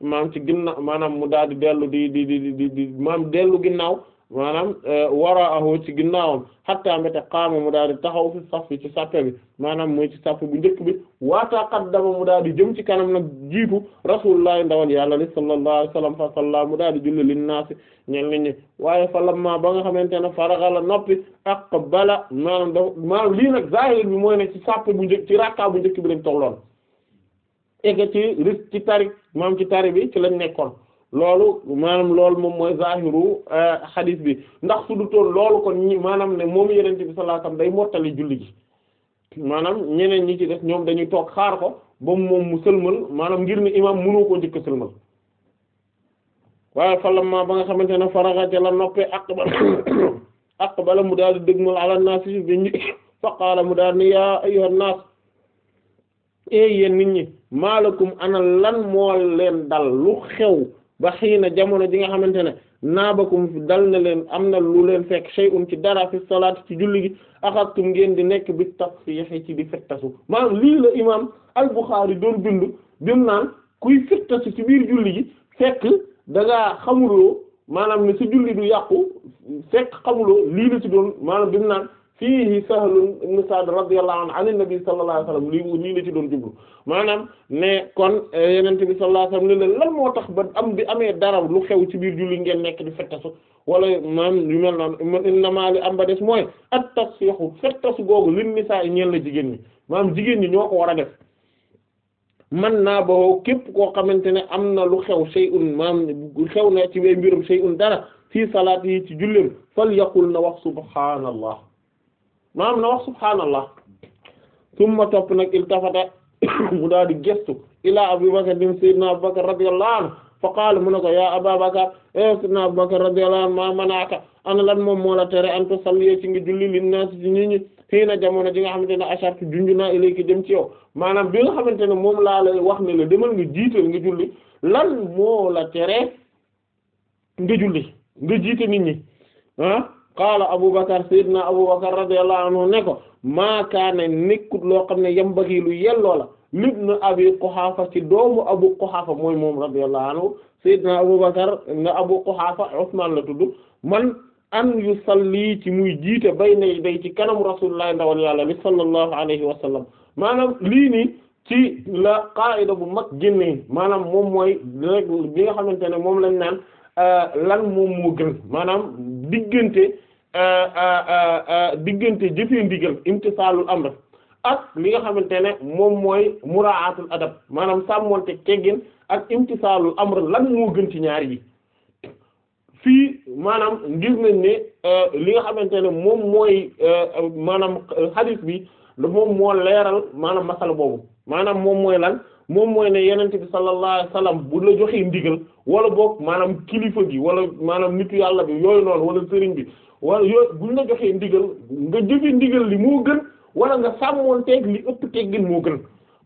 maam ci ginnaaw maanaam mu daal di dellu di di di di maam dellu ginnaaw maanaam a euh, waraahu ci ginnaawam hatta mbéte qaama mu daal taxaw fi saf fi ci sàppe bi maanaam mooy ci sàppe bu njëkk bi waataa qaddama mu daal di jëm ci kanam nag jiitu rasulullah ndawal yàlla li sallallahu alayhi wasallam fa salla mu daal di julli lin naasi ñen nit ñi waaye fa lamma ba nga xamante ne faragala noppi aqbala maanaam dafa maanaam lii nag zahir bi mooy ne ci sàppe bu njëkk ci rakkaa bu njëkk bi lañ tolloon egg ci risque ci tari maam ci tari bi ci lañ nekkoon loolu maanaam loolu moom mooy zahiru euh, hadith bi ndax su du toon loolu kon ñi maanaam ne moom yeneen bi salaatam day mottali julli gi maanaam ñeneen ñi ci def ñoom dañuy toog xaar ko ba moom mu sëlmal maanaam ngir ne imaam mënoo koo njëkk sëlmal waaye falamma ba nga xamante ne faraga ca la noppee aqbal aqbala mu daal di dëgmal ala naas yi bi ñu faqaala mu daal ni yaa ayyuhan naas ee yéen nit ñi maalakum ana lan moo leen dal lu xew ba xiina jamono ji nga xamante ne naabakum dal na leen am na lu leen fekk shay'un ci dara fi salaat ci julli gi axattum ngeen di nekk bi tasfihi ci di fettasu maanaam lii la imaam al-Bukhari doon bind bi mu naan kuy fettasu ci biir julli gi fekk danga ngaa xamuloo maanaam ne sa julli du yàqu fekk xamuloo lii la ci doon maanaam bi mu naan fii Sahl ibn Sa'd radiyallahu anhu an nabi sallallahu alayhi lii nii la ci doon jublu maanaam ne kon eh, yeneen bi sallallahu alayhi wasallam tax ba am bi amee dara lu xew ci biir julli ngeen nekk di fettasu wala maam yu mel noonu innamaa li am ba des mooy at-tasfihu fettasu googu lin nisaa ñeel la jigéen ñi maanaam jigéen ñi ñoo ko war a def naa boo képp koo xamante ne am na lu xew shay'un maanaam xew na ci way mbirum shay'un dara fii salaat yi ci julleem fal na wax subhaanallah maanaam na wax subhaanallah summa topp nag iltafata mu daal di gestu ilaa Abu Bakr dim sayyidina Abu Bakr radiyallahu anhu mu ne ko yaa Aba Bakr eh sayyidina Abu Bakr radiyallahu anhu maa manaaka lan moom moo la tere an tusalli ci ngi julli lin ci nit ñi xëy jamono ji nga xamante ne ashartu junju naa ilayki jëm ci yow maanaam bi nga xamante ne moom laa lay wax ne la demal nga jiital ngi julli lan moo la tere nga julli nga jiite nit ñi ah. qaala Aboubacar Seydina Aboubacar radiyallahu anhu ne ko maakaane nekkut loo xam ne yambagi lu yelloo la libna Abi Quhafa ci doomu Abu Quhafa mooy moom radiyallahu anhu Seydina Aboubacar ne Abu Quhafa Ousmane la tudd man an yu salli ci muy jiite bayna day ci kanamu rasulullah ndawal yàlla li sallallahu alayhi wa sallam maanaam lii nii ci la qaida bu mag génnee maanaam moom mooy rek bi nga xamante ne moom lañ naan euh, lan moom moo gën maanaam diggante. diggante jëfee ndigal imtisaalul amr ak li nga xamante ne moom mooy muraatul adab maanaam sàmmonte teggin ak imtisaalul amr lan moo gën ci ñaar yi fii maanaam ngir nañ ne li nga xamante ne moom mooy maanaam hadith bi moom moo leeral maanaam masala boobu maanaam moom mooy lan moom mooy ne yenente bi sallallahu alayhi wasallam bu la joxee ndigal wala boog maanaam kilifa gi wala maanaam nitu yàlla bi yooyu noonu wala sëriñ bi wala yooyu buñ la joxee ndigal nga jëfe ndigal li moo gën wala nga sàmmoon teeg li ëpp teggin moo gën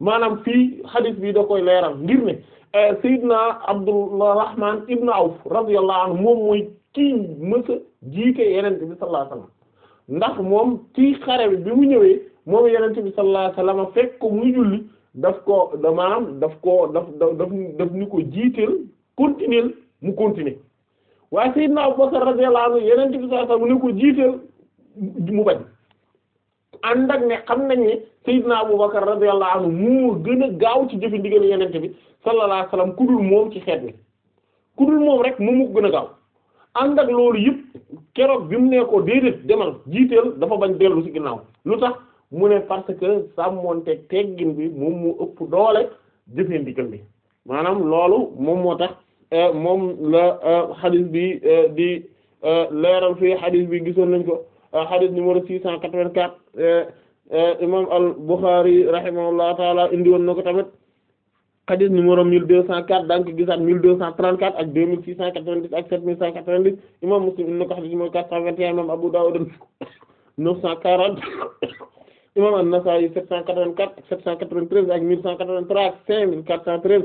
maanaam fii hadith bi da koy leeral ngir ne eh, Seydina Abdurrahman ibn Awf radiyallahu anhu moom mooy kii mësa jiite yenente bi sallallahu alayhi wasallam ndax moom ci xare bi bi mu ñëwee moom yenente bi sallallahu alayhi fekk ko muy julli daf ko da maanaam daf ko daf daf daf ni ko jiiteel continuer mu continuer waaye sayyidna Abubakar radiyallahu anhu yeneen bi sallallahu alayhi mu ne ko jiiteel mu bañ ànd ak ne xam nañ ne sayyidna Abubakar radiyallahu anhu moo gën a gaaw ci jëfi ndigal yeneen bi sallallahu alayhi ku dul moom ci xeet bi ku dul moom rek mu moo gën a gaaw ànd ak loolu yëpp keroot bi mu nee ko déedéet demal jiiteel dafa bañ dellu ci ginnaaw lu tax mu ne parce que sàmmonte teggin bi moom mu ëpp doole jëfee ndigal bi maanaam loolu moom moo tax. Euh, moom la euh, xadis bi euh, di leeral fii xadis bi gisoon nañ ko xadis numéro six cent quatre-vingt-quatre imam al-Bukhari rahimahullahu taala indi woon na ko tamit xadis numéro mille deux cent quatre danga ko gisaat mille deux cent trente-quatre ak deux mille six cent quatre-vingt-dix ak sept mille cent quatre-vingt-dix imam Muslim indi na xadis numéro quatre cent vingt et imam Abu Dawud neuf cent quarante imam an-Nasa'i sept cent quatre-vingt-quatre sept cent quatre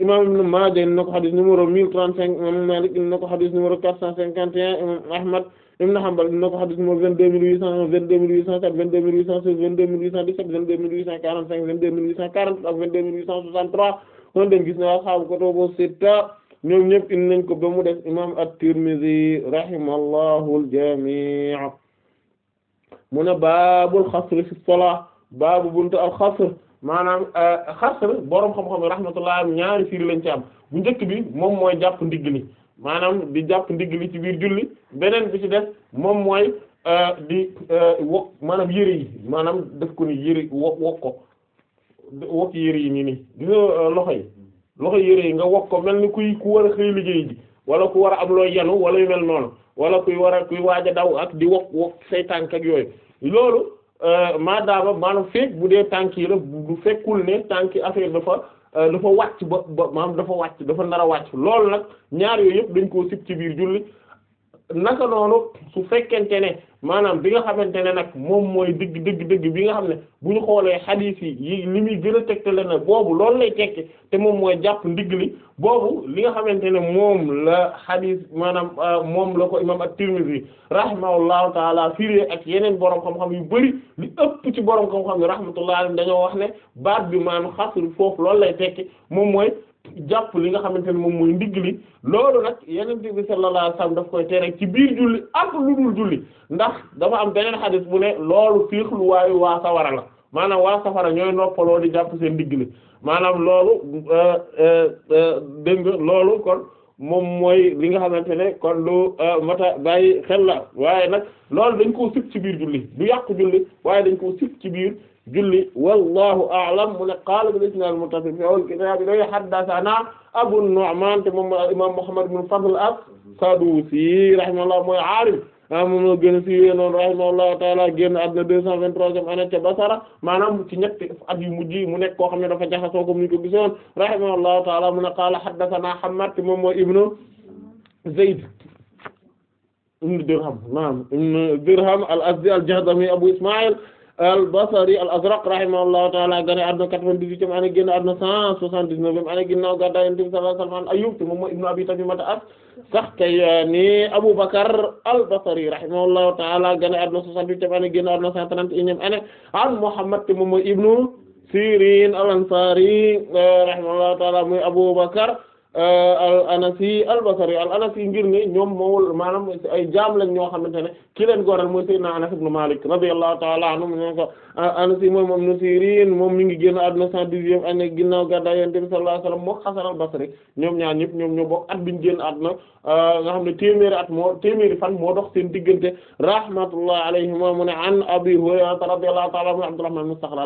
imam Ibn Maaja in na ko xadis numéro mille trente cinq imam Maalik in na ko xadis numéro quatre cent cinquante et un imam Ahmad ibn Hanbal in na ko xadis numéro vingt deux mille huit cent vingt deux mille huit cent sept vingt deux mille huit cent seize vingt deux mille huit cent dix-sept vingt deux mille huit cent quarante-cinq vingt deux mille huit cent quarante ak vingt deux mille huit cent soixante-trois kon den gis na ashaabu kutubu sitta ñoom ñëpp in nañ ko ba mu def imam At-Tirmidhi rahimallahu al-jamii' mu ne baabul xasr fi salaat baabu buntu al-xasr maanaam euh, xarsal borom xam-xam rahmatullah ñaari firi lañ ci am bu njëkk bi moom mooy jàpp ndigg li maanaam di jàpp ndigg li ci biir julli beneen bi ci def moom mooy euh, di euh, wokk maanaam yëre yi maanaam def ko ni yëre wok wok ko wokk yëre yi nii nii gis loxo yi loxo yëre yi nga wok ko mel ni kuy ku war a xëy liggéey ji wala ku war a am looy yanu wala yu mel noonu wala kuy war a kuy waaj a daw ak di wok wok say tànk ak yooyu loolu Euh, maadaama maanaam feek bu dee tànk yi la bu fekkul ne tànki affaire dafa euh, dafa wàcc ba ba maanaam dafa wàcc dafa nar a wàcc loolu nag ñaar yooyu yëpp dañ koo sib ci biir julli naka noonu su fekkente ne maanaam bi nga xamante ne nag moom mooy dëgg dëgg dëgg bi nga xam ne bu ñu xoolee xadiis yi yi li muy gën a tegtale na boobu loolu lay tekki te moom mooy jàpp ndigg li boobu li nga xamante ne moom la xadiis maanaam euh, moom la ko imaam at-Tirmidhi rahimahullahu taala firé ak yeneen borom xam-xam yu bari li ëpp ci borom xam-xam yi rahmatullahi alayhi dañoo wax ne baat bi maanaam xasru foofu loolu lay tekki moom mooy jàpp li nga xamante ne moom mooy ndigg li loolu nag yenente bi sallallahu alayhi wasallam daf koy tere ci biir julli ak lu dul julli ndax dafa am beneen xadis bu ne loolu fiixlu waayu waa sawara la maanaam waa safara ñooy noppaloo di jàpp seen ndigg li maanaam loolu euh, euh, euh, dégg nga loolu kon moom mooy li nga xamante ne kon lu mata bàyyi xel la waaye nag loolu dañ koo sip ci biir julli du yàq julli waaye dañ koo sip ci biir julli wallahu a'lam mu ne qaala bil isnaad muttasil fi awwal kitaab ilayhi haddathanaa Abu Nu'maan te moom imaam Muhammad ibn Fadl as-Sadusi rahimahullah mooy aalim ah, moom la gën a siiwee noonu rahimahullahu ta'ala génn àdduna deux cent vingt-troisième année ca Basara maanaam ci ñetti at yu mujj yi mu nekk koo xam ne dafa jaxasoo comme ni ko gisoon rahimahullahu ta'ala mu ne qaala haddathanaa Hammad te moom mooy ibnu Zayd ibnu Dirham naam ibnu Dirham al-Azdi al-Jahdami Abu Isma'il al-Basri al-Azraq rahimahullahu ta'ala gane àdduna 98 ane génn àdduna 179 ane ginnaaw gàddaay Yonent bi sallallahu alayhi wa sallam Ayyub te moom mooy ibnu Abi Tamimata as-Sakhtiyani euh, Abu Bakr al-Basri rahimahullahu ane an Muhammad te moom ibnu Sirin al-Ansari euh, rahimahullahu ta'ala mooy Abu Bakr Euh, al anasi al basri al anasi ngir ne ñoom moom maanaam ay jaam ñoo xamante ne ki leen góoral mooy sayyidina Anas ibn Malik radiyallahu ta'ala anhu mu ne ko euh, anasi mooy moom ibn Sirin moom mi ngi ñoo at euh, xam ne téeméeri at moo téeméeri fan moo dox seen diggante rahmatullahi alayhima mu ne an Abi Hurayra radiyallahu ta'ala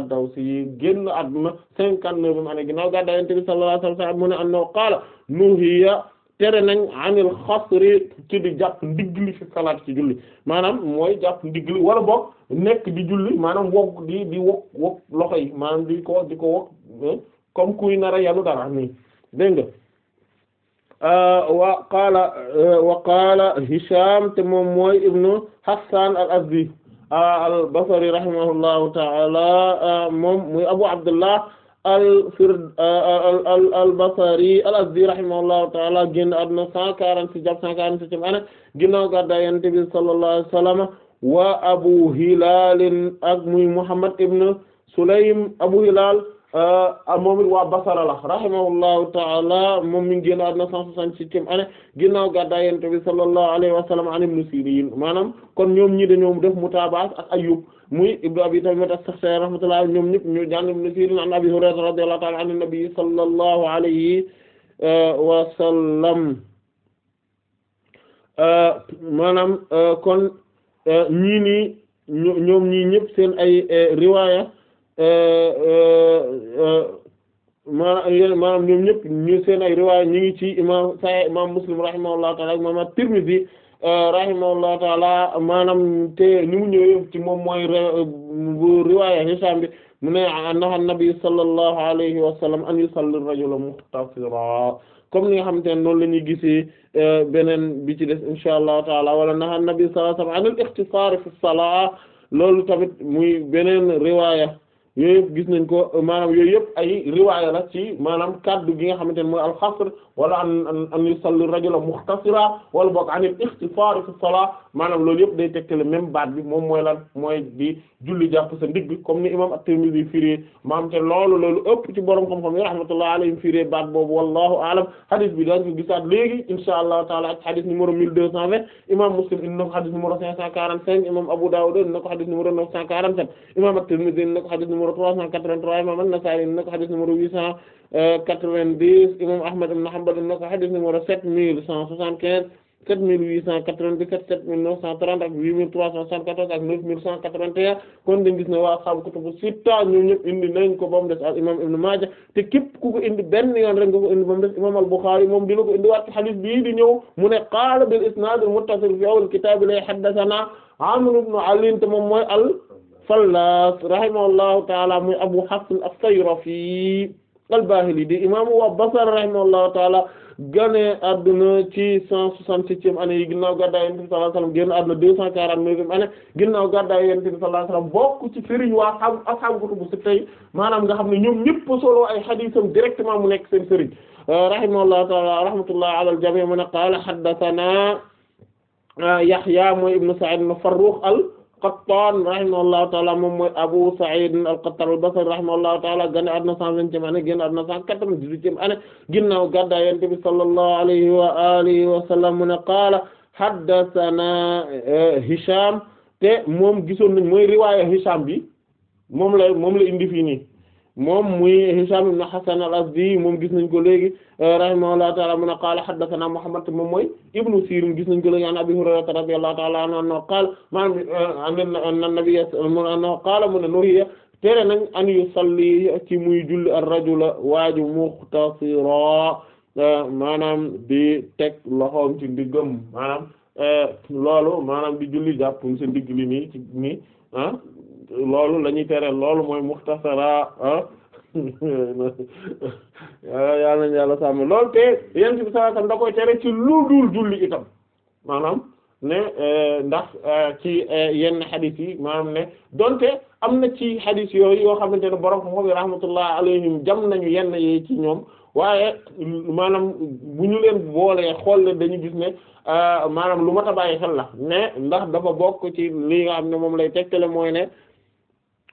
qaala nuhiya tere nañ anil xasri ci di jàpp ndigli fi salaat ci julli maanaam mooy jàpp ndigli wala boog nekk di julli maanaam wokk di di wokk wokk loxo yi maanaam di ko di ko wokk eh, kuy nara yanu dara nii dégg nga euh, euh, wa qaala Hisham te moom mooy ibnu Hassan al-Azdi al-Basri rahimahullahu ta'ala euh, Abu Abdullah al fir al al al basari al azdi rahimahullahu taala génn àdduna cent quarante six jàpp cent quarante septième année ginnaaw gàddaay Yonent bi sallallahu alayhi wa sallam wa abu hilal ak muy Muhammad ibn Sulaym abu hilal moom it waa Basra la rahimahullahu taala moom mi ngi génn àdduna cent soixante-septième année ginnaaw gàddaay Yonent bi sallallahu alayhi wa an ibn Sirin maanaam kon ñoom ñi dañoo def mutaabaas ak Ayyub muy ibnu abi tamit as-Saxtiyaani rahmatullah ñoom ñëpp ñu jàng ibnu Siiriin an Abi Hurayra radiyallahu ta'ala an an uh, uh, uh, ñii nii ñoom ñii ñëpp seen ay riwaaya maanaam ñoom ñëpp ñu seen ay ñu ngi ci imaam Sahih imaam Muslim rahimahullahu ta'ala imaam at-Tirmidhi Euh, rahimahullahu taala maanaam te ni ñëwee ci moom mooy bu riwaaya Hishaam bi mu ne naha nabi sallallahu alayhi wa sallam an yusalli rajula muxtasira comme ni nga xamante ne noonu la ñuy gisee euh, beneen bi ci des insha allahu taala wala naha nabi sallallahu alayhi wa sallam an al ixtisaar salaa loolu tamit muy beneen riwaaya yooyu yëpp gis nañ ko euh, maanaam yooyu yëpp ay riwaaya la ci maanaam kaddu gi nga xam ne mooy alxasr wala an an yusalli rajula muxtasira wala boog an ixtisaar fi salaa maanaam loolu yëpp day tegtale même baat bi moom mooy lan mooy di julli jàpp sa ndig bi ni imam at-Tirmidhi firi maam te loolu loolu ëpp ci borom xam-xam yi rahmatullah alayhim firi baat boobu wallahu aalam hadith bi dañ ko gisaat léegi insha allah taala ak hadith numéro 1220 imam Muslim numéro 383 imam An-Nasa'i indi na ko xadis numéro 890 euh, imam Ahmad ibn Hanbal indi na ko xadis numéro 7175 7897 7930 ak 8374 ak 9181 kon dañu gis ne waa ashaabu kutubu sitta ñoom ñëpp indi nañ ko ba mu des al imam Ibn Maaja te képp ku ko indi benn yoon rek nga ko indi ba mu des imam al-Bukhari moom dina ko indi waat ci hadith bii di ñëw mu ne qaala bil isnaad al-muttasil fi awwal kitaab li haddathana Amr ibn Ali te moom mooy al Fallaas rahimahullahu taala muy Abu Hafs as-Sayrafi al-Bahili di imaamu waa Basra rahimahullahu taala gane adduna ci cent soixante-septième année yi ginnaaw gàddaay Yonent bi sallallahu alayhi wasallam génn adduna deux cent quarante-neuvième année ginnaaw gàddaay Yonent bi sallallahu alayhi wasallam bokk ci sëriñ waa xam ashaabu kutubu sitta yi nga xam ne ñoom ñëpp solo ay xadiisam directement mu nekk seen sëriñ euh, rahimahullahu taala rahmatullahi ala al-jamii' mu ne qaala haddathanaa Yahya mooy ibnu Sa'id ibnu Farrukh al Qattan rahimahullahu taala moom mooy Abu Sa'id al-Qattan al-Basri rahimahullahu taala gane àdduna cent vingtième année génn àdduna cent quatre-vingt-dix-huitième année ginnaaw gàddaay Yonent bi sallallahu alayhi wa alihi wa sallam mu ne qaala haddathana eh, Hisham te moom gisoon nañ mooy riwaaya Hisham bi moom la moom la indi fii nii moom muy Hisham ibn Hasan al-Azdi moom gis nañ ko léegi rahimahullahu ta'ala mun a qaala haddathana Muhammad moom mooy ibnu Sirin gis nañ ko léegi an Abi Hurayra radiyallahu ta'ala anhu annahu qaala maanaam an-nabiy annahu qaala mu ne nuhiya tere nañ an yusalli ci muy julli ar-rajula waaju muxtasira maanaam di teg loxoom ci ndiggam maanaam eh, loolu maanaam di julli jàpp sa ndigg ci nii ah loolu la ñuy tere loolu mooy muxtasara ah. yàlla nañu yàlla sàmm loolu te yéen bi saa da koy tere ci lu dul julli itam maanaam ne eh, ndax eh, ci eh, yenn xadis yi maanaam ne donte am na ci xadis yooyu yoo xamante ne borom xam-xam yi alayhim jam nañu yenn yi ci ñoom waaye maanaam bu ñu leen boolee xool leen dañu gis ne maanaam lu mat a bàyyi xel la ne ndax dafa bokk ci li nga xam ne moom lay tegtale mooy ne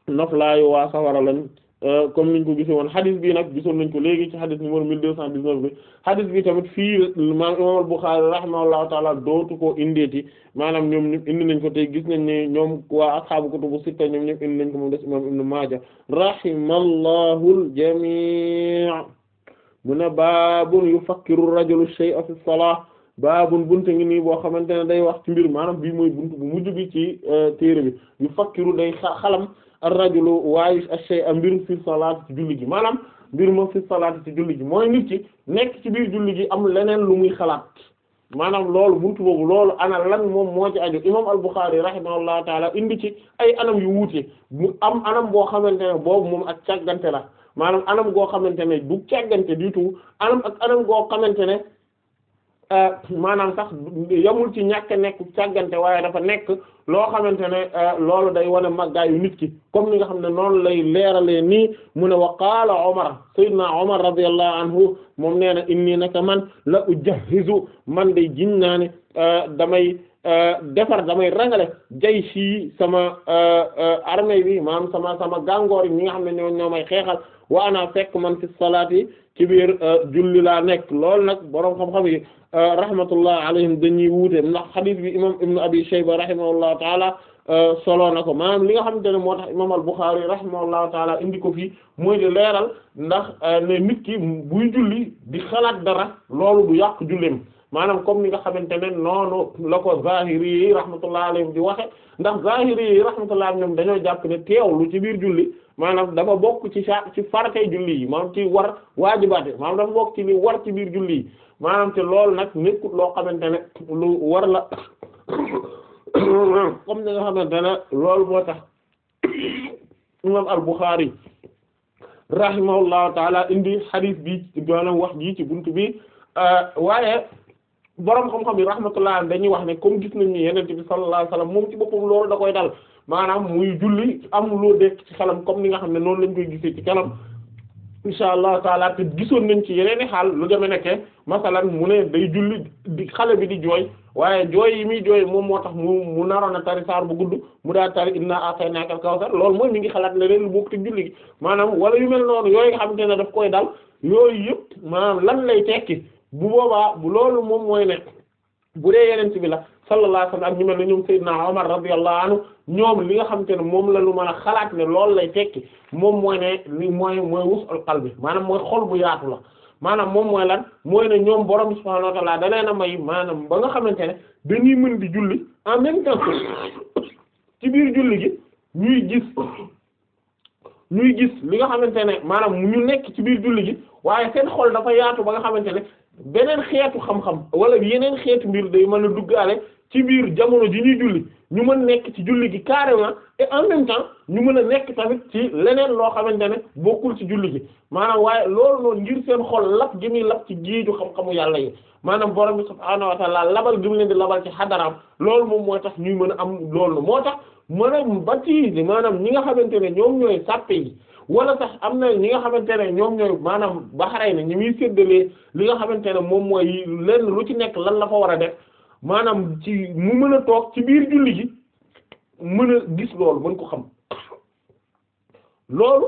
noflaayu waa sawara lañ euh, comme niñ ko gise woon hadith bi nag gisoon nañ ko léegi ci hadith numéro mille deux cent dix-neuf bi hadith bi tamit fii maanaam imam al-Bukhari rahimahullahu taala dootu ko indeeti maanaam ñoom ñëpp indi nañ ko tey gis nañ ne ñoom waa ashaabu kutubu sitta ñoom ñëpp indi nañ ko moom des imam Ibn Maaja rahimallahu al-jamii' mu ne baabun yufakkiru rajulu shay'a fi salah baabun bunte ngi nii boo xamante ne day wax ci mbir maanaam bii mooy buntu bu mujj bi ci euh, téere bi yufakkiru day xalam ar-rajulu waaye ash-shay'a mbir fi salaat ci julli ji maanaam mbir ma fi salaat ci julli ji mooy nit nekk ci biir julli ji am leneen lu muy xalaat maanaam loolu buntu boobu loolu ana lan moom moo ci aju imaam al-Bukhari rahimahullahu taala indi ci ay anam yu wuute bu am anam boo xamante ne boobu moom ak càggante la maanaam anam goo xamante ne du càggante du tout anam ak anam goo xamante ne Euh, maanaam sax yamul ci ñàkk nekk càggante waaye dafa nekk loo xamante ne euh, loolu day wane màggaayu nit ki comme ni nga xam ne noonu lay leeralee nii mu ne wa qaala Omar Seydina Omar radiyallahu anhu moom nee na inni naka man la ujahizu man day giñ naa ne euh, damay defar damay rangale jayshi sama armée bi maanaam sama sama gàngoor yi ñi nga xam ne ñoo ñoo may xeexal wa ana fekk man fi salaati ci biir euh, julli laa nekk lool nag borom xam-xam yi euh, rahmatullah alayhim dañuy wuute ndax xadiis bi imam ibnu abi shayba rahimahullahu taala euh, solo na ko maanaam li nga xamante ne moo tax imam al-Bukhari rahimahullahu taala indi ko fii mooy di leeral ndax ne nit ki buy julli di xalaat dara loolu du yàq julleem maanaam comme ni nga xamante ne noonu la ko zahiri yi rahmatullah alayhim di waxe ndax zahiri yi rahmatullah alayhim ñoom dañoo jàpp ne teewlu ci biir julli maanaam dafa bokk ci sa ci faratay julli yi maanaam ci war waajibaat yi maanaam dafa bokk ci war ci biir julli yi maanaam te lool nag nekkut loo xamante ne lu war la comme ni nga xamante ne loolu moo tax imam al-Bukhari rahimahullahu taala indi hadith bi maanaam wax ji ci buntu bi euh, waaye borom xam-xam yi rahmatullah dañuy wax ne comme gis nañ ni yeneen bi sallallahu alayhi wasallam moom ci boppam loolu da koy dal maanaam muy julli am loo dekk ci xelam comme ni nga xam ne noonu lañ koy gisee ci kanam insha allah taala te gisoon nañ ci yeneen i xaal lu demee nekke masalan mu ne day julli di xale bi di jooy waaye jooy yi muy jooy moom moo tax mu mu naroon a tari saar bu gudd mu daa tari inna a'taynaaka kaw kawsar lool mooy mi ngi xalaat leneen lu bokk te julli gi maanaam wala yu mel noonu yooyu nga xamante ne koy dal yooyu yëpp maanaam lan lay tekki. bu boobaa bu loolu moom mooy ne bu dee yeneen bi la sallallahu alayhi wasallam ñu mel ne ñoom Seydina Omar radiyallahu anhu ñoom li nga xam ne moom la lu mën a xalaat ne lool lay tekki moom mooy ne li mooy mooy wusul qalbi maanaam mooy xol bu yaatu la maanaam moom mooy lan mooy ne ñoom borom subhaanahu wa ta'ala da leen a may maanaam ba nga xamante ne dañuy mën di julli en même temps ci biir julli gi ñuy gis ñuy gis li nga xamante ne maanaam ñu nekk ci biir julli gi waaye seen xol dafa yaatu ba nga xamante ne beneen xeetu xam-xam wala yeneen xeetu mbir day mën a duggaale ci biir jamono ji ñuy julli ñu mën nekk ci julli gi carrément et en même temps ñu mën a nekk tamit ci leneen loo xamante ne bokkul ci julli gi maanaam waaye lool noonu ngir seen xol lap gi muy lap ci géeju xam-xamu yàlla yi maanaam borom bi subhaanahu wa ta'ala labal gi mu leen di labal ci xadaraam loolu moom moo tax ñuy mën a am loolu moo tax mën a ba ci maanaam ñi nga xamante ne ñoom ñooy sàppe yi wala sax am na ñi nga xamante ne ñoom ñooy maanaam na ñi muy séddalee li nga xamante ne moom mooy lenn lu ci nekk lan la fa war a def maanaam ci mu mën a toog ci biir julli ji mën a gis loolu mën ko xam loolu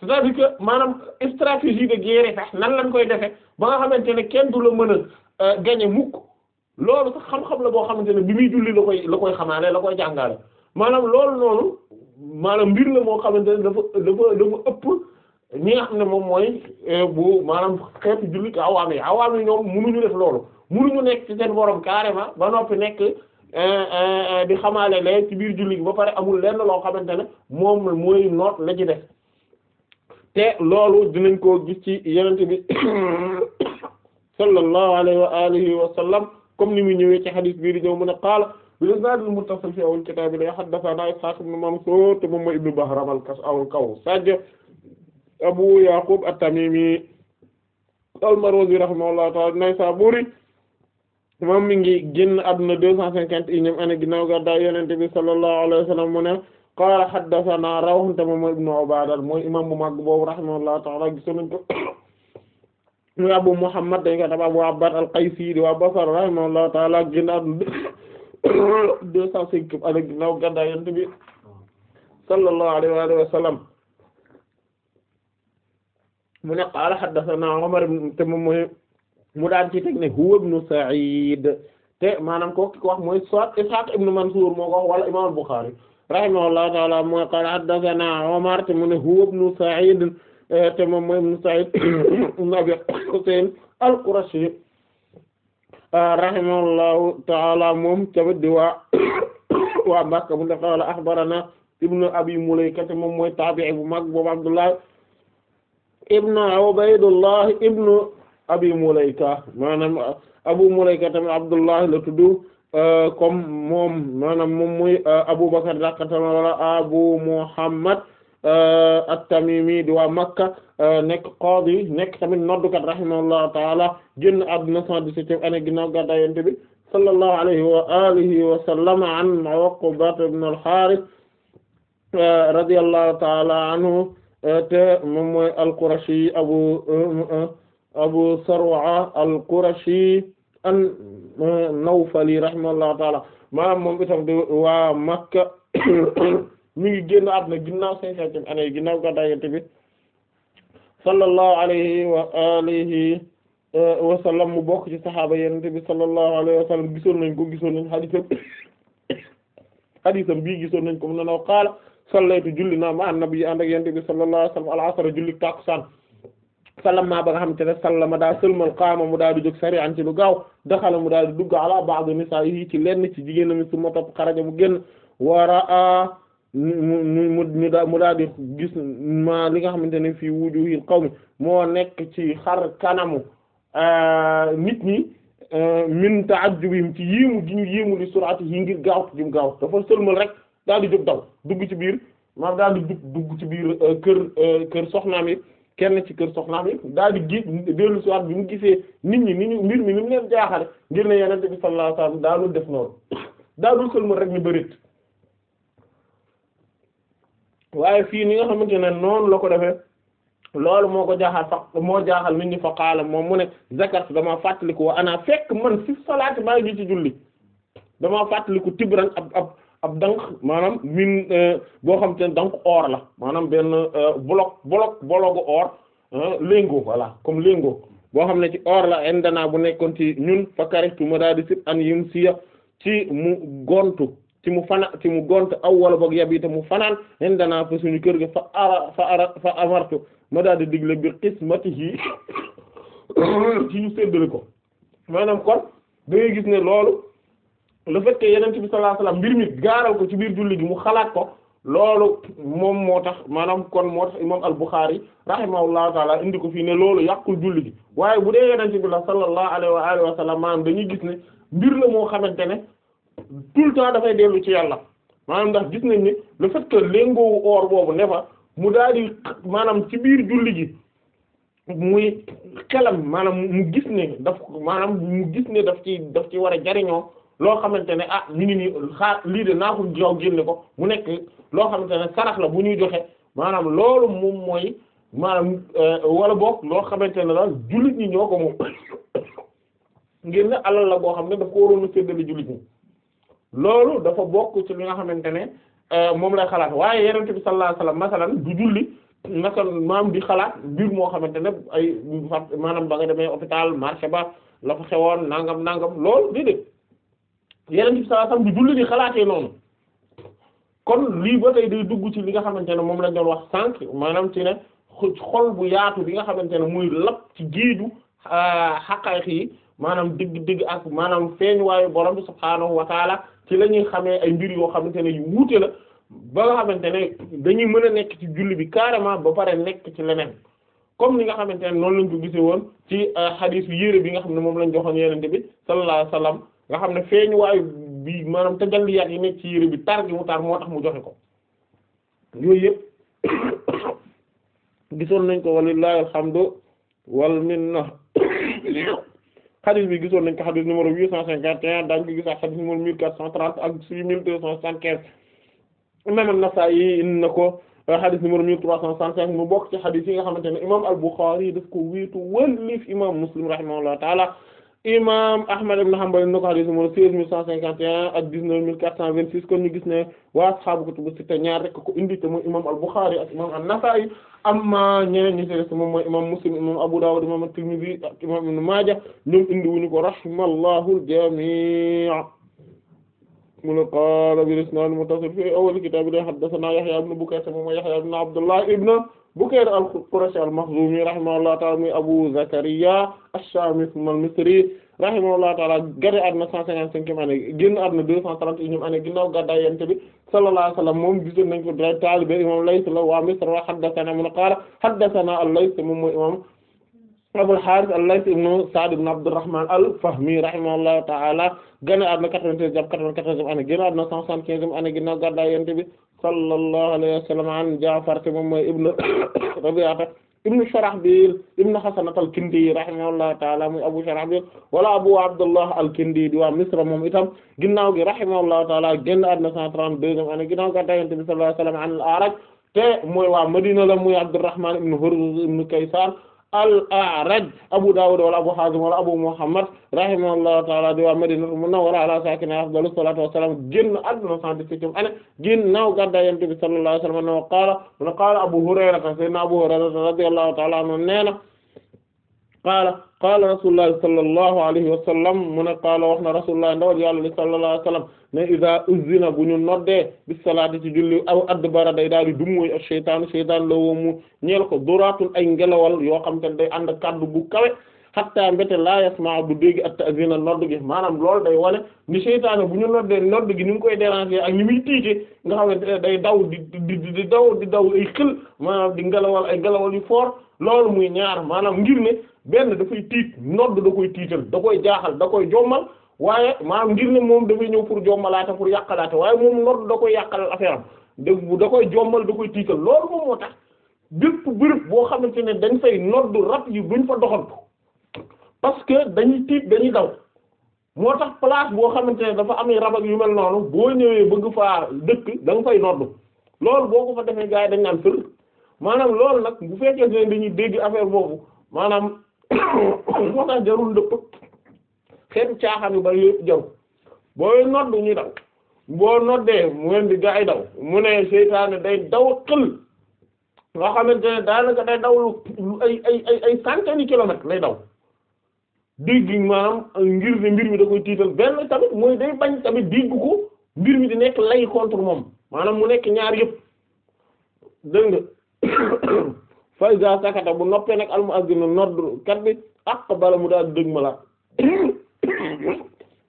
c'est-à-dire que maanaam stratégie de guerre sax lañ koy defee ba nga ne kenn du la mën a euh, gagner mukk loolu la boo xamante ne bi muy julli la koy la koy xamaale la koy jàngaale maanaam loolu noonu maanaam mbir la moo xamante ne dafa dafa dafa ëpp ñi nga xam ne moom mooy eh, bu maanaam xeetu jullit awaam yi awaam yi ñoom munuñu def loolu munuñu nekk ci seen borom carrément ba noppi nekk eh, eh, di xamaale le ci biir julli ba pare amul lenn loo xamante ne moom mooy noot la ci def te loolu dinañ ko gis ci yenente bi sallallahu alayhi wa alihi wa sallam comme ni mu ñëwee ci hadith bii di ñëw mu ne qaala bil isnaadil muttasil fi awwal kitaab li haddathanaa Ishaaq ibn Mansuur te moom mooy ibn Bahraam al-Kawsaj Abu Yaqub at-Tamimi al-Marwazi rahimahullahu ta'ala an-Naysaburi moom mi ngi génn àdduna deux cent cinquante et unième année ginnaaw gàddaay Yonent bi sallallahu alayhi wa sallam mu ne qaala haddathanaa Rawh te moom mooy ibn Ubaada mooy imaam bu mag boobu rahimahullahu ta'ala gis nañ ko muy Abu Muhammad dañ ko tax Abu Abbad al-Qaysi waa deux cent cinquième année ginnaaw gàddaay Yonent sallallahu alayhi wa sallam mu ne qaala haddathana Umar te moom mooy mu daan ci teg huwa ibnu Sa'id te maanaam ko ki ko wax mooy Ishaq ibnu Mansuur moo wax wala imaam al-Bukhari rahimahullahu ta'ala mooy qaala haddathana Umar te mu ne huwa ibnu Sa'id te moom mooy Sa'id Abi al-Qurashi rahimahullahu ta'ala moom tamit di waa waa Makka bu def qaala axbarana ibnu abi Mulayka moom mooy taabi'i bu mag boobu Abdullah ibnu Ubaydullah ibnu abi Mulayka maanaam abu Mulayka tamit Abdullah la tuddu euh, comme moom maanaam moom mooy euh, Abubakar dàqatama wala Abu Muhammad Euh, at-Tamimi di waa Makka euh, nekk qaadi nekk tamit noddukat rahimahullahu taala génn àdduna 117 année ginnaaw gàddaay Yonent bi sallallahu alayhi wa alihi wa sallam an Uqbata ibn al-Harith euh, al-Qurashi abu abu Sarwa al-Qurashi an-Nawfali di waa Makka mi ngi génn àdduna ginnaaw cinquantième année ginnaaw gàddaay Yonent bi sallallahu alayhi wa alihi euh, wa sallam mu bokk ci saxaaba Yonent bi sallallahu alayhi wa sallam gisoon nañ ko gisoon nañ xadiisam xadiisam bii gisoon nañ ko mu ne noo qaala sallaytu julli naa ma annabi ànd ak Yonent bi sallallahu alayhi wa sallam al-asr julli tàkkusaan falamma ba nga xamante ne sallama daa sëlmal qaama mu daal di jóg sari an ci lu gaaw daxala mu daal di dugg ala ba'd nisaa'ihi ci lenn ci jigéen ñi su mu mu daa mu daal di gis ma li nga xamante ne fii wujuhil qawmi moo nekk ci xar kanamu euh, nit ñi euh, min ta'ajjubihim ci yéemu gi ñu yéemu li surati yi ngir gaaw gaawtu jim gaawtu dafa sëlmal rek daal di jóg daw dugg ci biir ma daal di dugg ci biir euh, kër kër soxnaam yi kenn ci kër soxnaam yi daal di gis dellu at bi mu gisee nit ñi ni ñu mbir mi ni mu leen jaaxale ngir ne yenente bi sallallahu alayhi wasallam daanul def noonu daanul sëlmal rek ni bërit waaye fii ni nga xamante ne noonu la ko defee loolu moo ko jaaxal moo jaaxal nit ñi fa xaala moom mu ne zakartu damaa fàttaliku wa ana fekk man fi salaati maa ngi ci julli damaa fàttaliku tibran ab ab ab dank maanaam min euh, boo xam te ne dank or la maanaam benn euh, bloc bloc bologu or euh, lingot voilà comme lingot boo xam ne ci or la indana bu nekkoon ci ñun fa karihtu ma daal di sit an yim siya ci mu gontu ci mu fana ci mu gont aw wala boog yabita mu fanaan xen danaa suñu kër gi fa ara fa ara fa amartu ma daal di digle bi qismatihi ci ñu séddale ko maanaam kon da gis ne loolu le fait que yenent bi mbir mi gaaral ko ci biir julli gi mu xalaat ko loolu moom moo tax maanaam kon moo tax imam al-Bukhari rahimahullahu taala indi ko fii ne loolu yàqul julli gi waaye bu dee yenent bi la sallallahu alayhi wa alihi wa sallam maanaam dañuy gis ne mbir la moo xamante ne tout le temps dafay dellu ci yàlla maanaam ndax gis nañ ni lu fait que léngoowu boobu ne fa mu daal di maanaam ci biir julli ji muy xelam maanaam mu gis ne daf maanaam mu gis ne daf ci daf ci war a jariñoo loo xamante ne ah ñu ngi nii xaar lii de naa ko jox génne ko mu nekk loo xamante ne sarax la bu ñuy joxe maanaam loolu moom mooy maanaam euh, wala boog loo xamante ne la jullit ñi ñoo ko moom ngir alal la boo xam ne daf ko waroon a séddale jullit ñi loolu dafa bokk ci li nga xamante ne euh, moom lay xalaat waaye yonent bi sallallahu alayhi wasallam du julli naka maam di xalaat mbir moo xamante ne ay maanaam ba nga demee hôpital marché ba nangam nangam loolu déedéet bi sallallahu alayhi wasallam kon lii ba dugg ci li nga xamante ne moom lañ wax sànq maanaam ci ne xol bu yaatu bi nga xamante ne muy lap ci géeju euh, xaqaax yi maanaam digg digg ak maanaam feeñ waayu borom bi subhaanahu wa ci la ñuy xamee ay mbir yoo xamante ne yu wuute la ba nga xamante ne dañuy mën a nekk ci julli bi carrément ba pare nekk ci leneen comme ni nga xamante ne noonu lañ ko gisee woon ci xadiisu euh, yére bi nga xam ne moom lañ joxoon yenente bi sallallahu alayhi wasallam nga xam ne feeñu waayu bi maanaam tajalliyaat yi nekk ci yére bi tar gi mu tar moo tax mu joxe ko yooyu yëpp gisoon nañ ko walillahi alhamdu wal na xadis bi gisoon nañ xadis numéro huit cent cinquante un daañu ko gisaat xadis numéro mille quatre cent trente ak six mille deux cent soixante-quinze imam an-Nasa'i ko euh, xadis numéro mille trois cent cinq mu bokk xadis yi nga xamante ne imam al-Bukhari daf ko wéetu wëlif imam Muslim rahimahullah taala imam Ahmad ibn Hanbal na ko xadis numéro seize mille cent cinquante et un ak dix-neuf mille quatre cent vingt-six kon ñu gis ne waa ashaabu kutubu sitta ñaar rek ko indi te mooy imam al-Bukhari ak imam an-Nasa'i amma ñeneen ñi ci mooy imam Muslim imam Abu Dawud imam at Maaja ñoom indi wuñu ko rahimallahu al mu ne qaala bil isnad al-muttasil fi awwal kitab haddathana Yahya ibn Bukayr moom mooy Yahya ibn Abdullah ibn Bukayr al-Qurashi al-Makhzumi rahimahullahu ta'ala muy Abu Zakariya ash-Shami al-Misri rahimahullahu ta'ala gane àdduna 155 ane génn àdduna 231 ane ginnaaw gàddaay Yonent bi sallallahu alayhi wa sallam moom gisoon nañ ko dara taalibe imam Layth la waa Misr wa haddathana mun qaala haddathana al-Layth moom mooy imam Abul Harith al-Layth ibn Sa'd ibn Abdurrahman al-Fahmi rahimahullahu ta'ala gane àdduna 93 jàpp 94 ane génn àdduna 175 ane ginnaaw gàddaay Yonent bi sallallahu alayhi wa sallam an Ja'far te moom mooy ibnu Rabi'ata ibnu Shurahbil ibnu Hasanat al-Kindi rahimahullahu ta'ala muy Abu Shurahbil wala Abu Abdullah al-Kindi di waa Misra moom itam ginnaaw gi rahimahullahu ta'ala génn àdduna 132 ans ginnaaw gàddaay Yonent bi sallallahu alayhi wa sallam an al-A'raj te mooy waa Madina la muy Abdurrahman ibnu Hurmuz ibnu Kaysaan al-A'raj Abu Dawud wala Abu Hazim wala Abu Muhammad rahimahullahu ta'ala di waa Madinatu Munawwara ala saakinihaa afdalu salaatu wa salaam génn àdduna cent dix-septième année ginnaaw gàddaay Yonent bi sallallahu alayhi wa sallam wa qaala wa qaala Abu Hurayra sayyidunaa Abu Hurayra radiyallahu ta'ala anhu nee na qaala qaala rasuulullahi sallallahu alayhi wa sallam mu ne qaala wax na rasuulullahi ndawal Yàlla sallallahu alayhi wa sallam ne iza uzzina bu ñu noddee bis salaati ci julli aw bara day daal di dummóoyu ak sheytaanu sheytaan la woomu ñeel ko doraatun ay ngelawal yoo xam te day ànd kaddu bu kawe hatta mbete laa yasmaa du dégg at ta'zina nodd gi maanaam loolu day wane ni sheytaane bu ñu noddee nodd gi ni mu koy déranger ak ni muy tiite nga xam ne day daw di di daw di daw ay xël maanaam di ngelawal ay ngelawal yu foor loolu muy ñaar maanaam ngir ne benn dafay tiit nodd da koy tiital da koy jaaxal da koy jommal waaye maanaam ngir ne moom dafay ñëw pour jommalaate pour yàqalaate waaye moom nord da koy yàqalal affaire am da koy jommal da koy tiital loolu moom moo tax bépp béréb boo xamante ne dañ fay nodd rab yi buñ fa doxantu parce dañuy tiit dañuy daw moo tax place boo xamante ne dafa am rab ak yu mel noonu boo ñëwee bëgg faa dëkk da nga fay nodd loolu boo ko fa defee gars yi dañ naan fër maanaam loolu nag bu fekkee ne dañuy dégg affaire boobu maanaam moo tax jarul ndëpp seen caaxaan yu bari yëpp jaru booy nodd ñu daw boo noddee mu leen di gaa yi daw mu ne seytaane day daw xël nga xamante day daw lu ay ay ay lay daw dégg maanaam ngir ne mbir mi da koy tiital benn tamit mooy day bañ tamit dégg ko mbir mi di nekk lay contre moom maanaam mu nekk ñaar yëpp dégg nga faysa sakata bu noppee nag al mu'azzin nodd kat bi ak bala mu daal dëgg ma la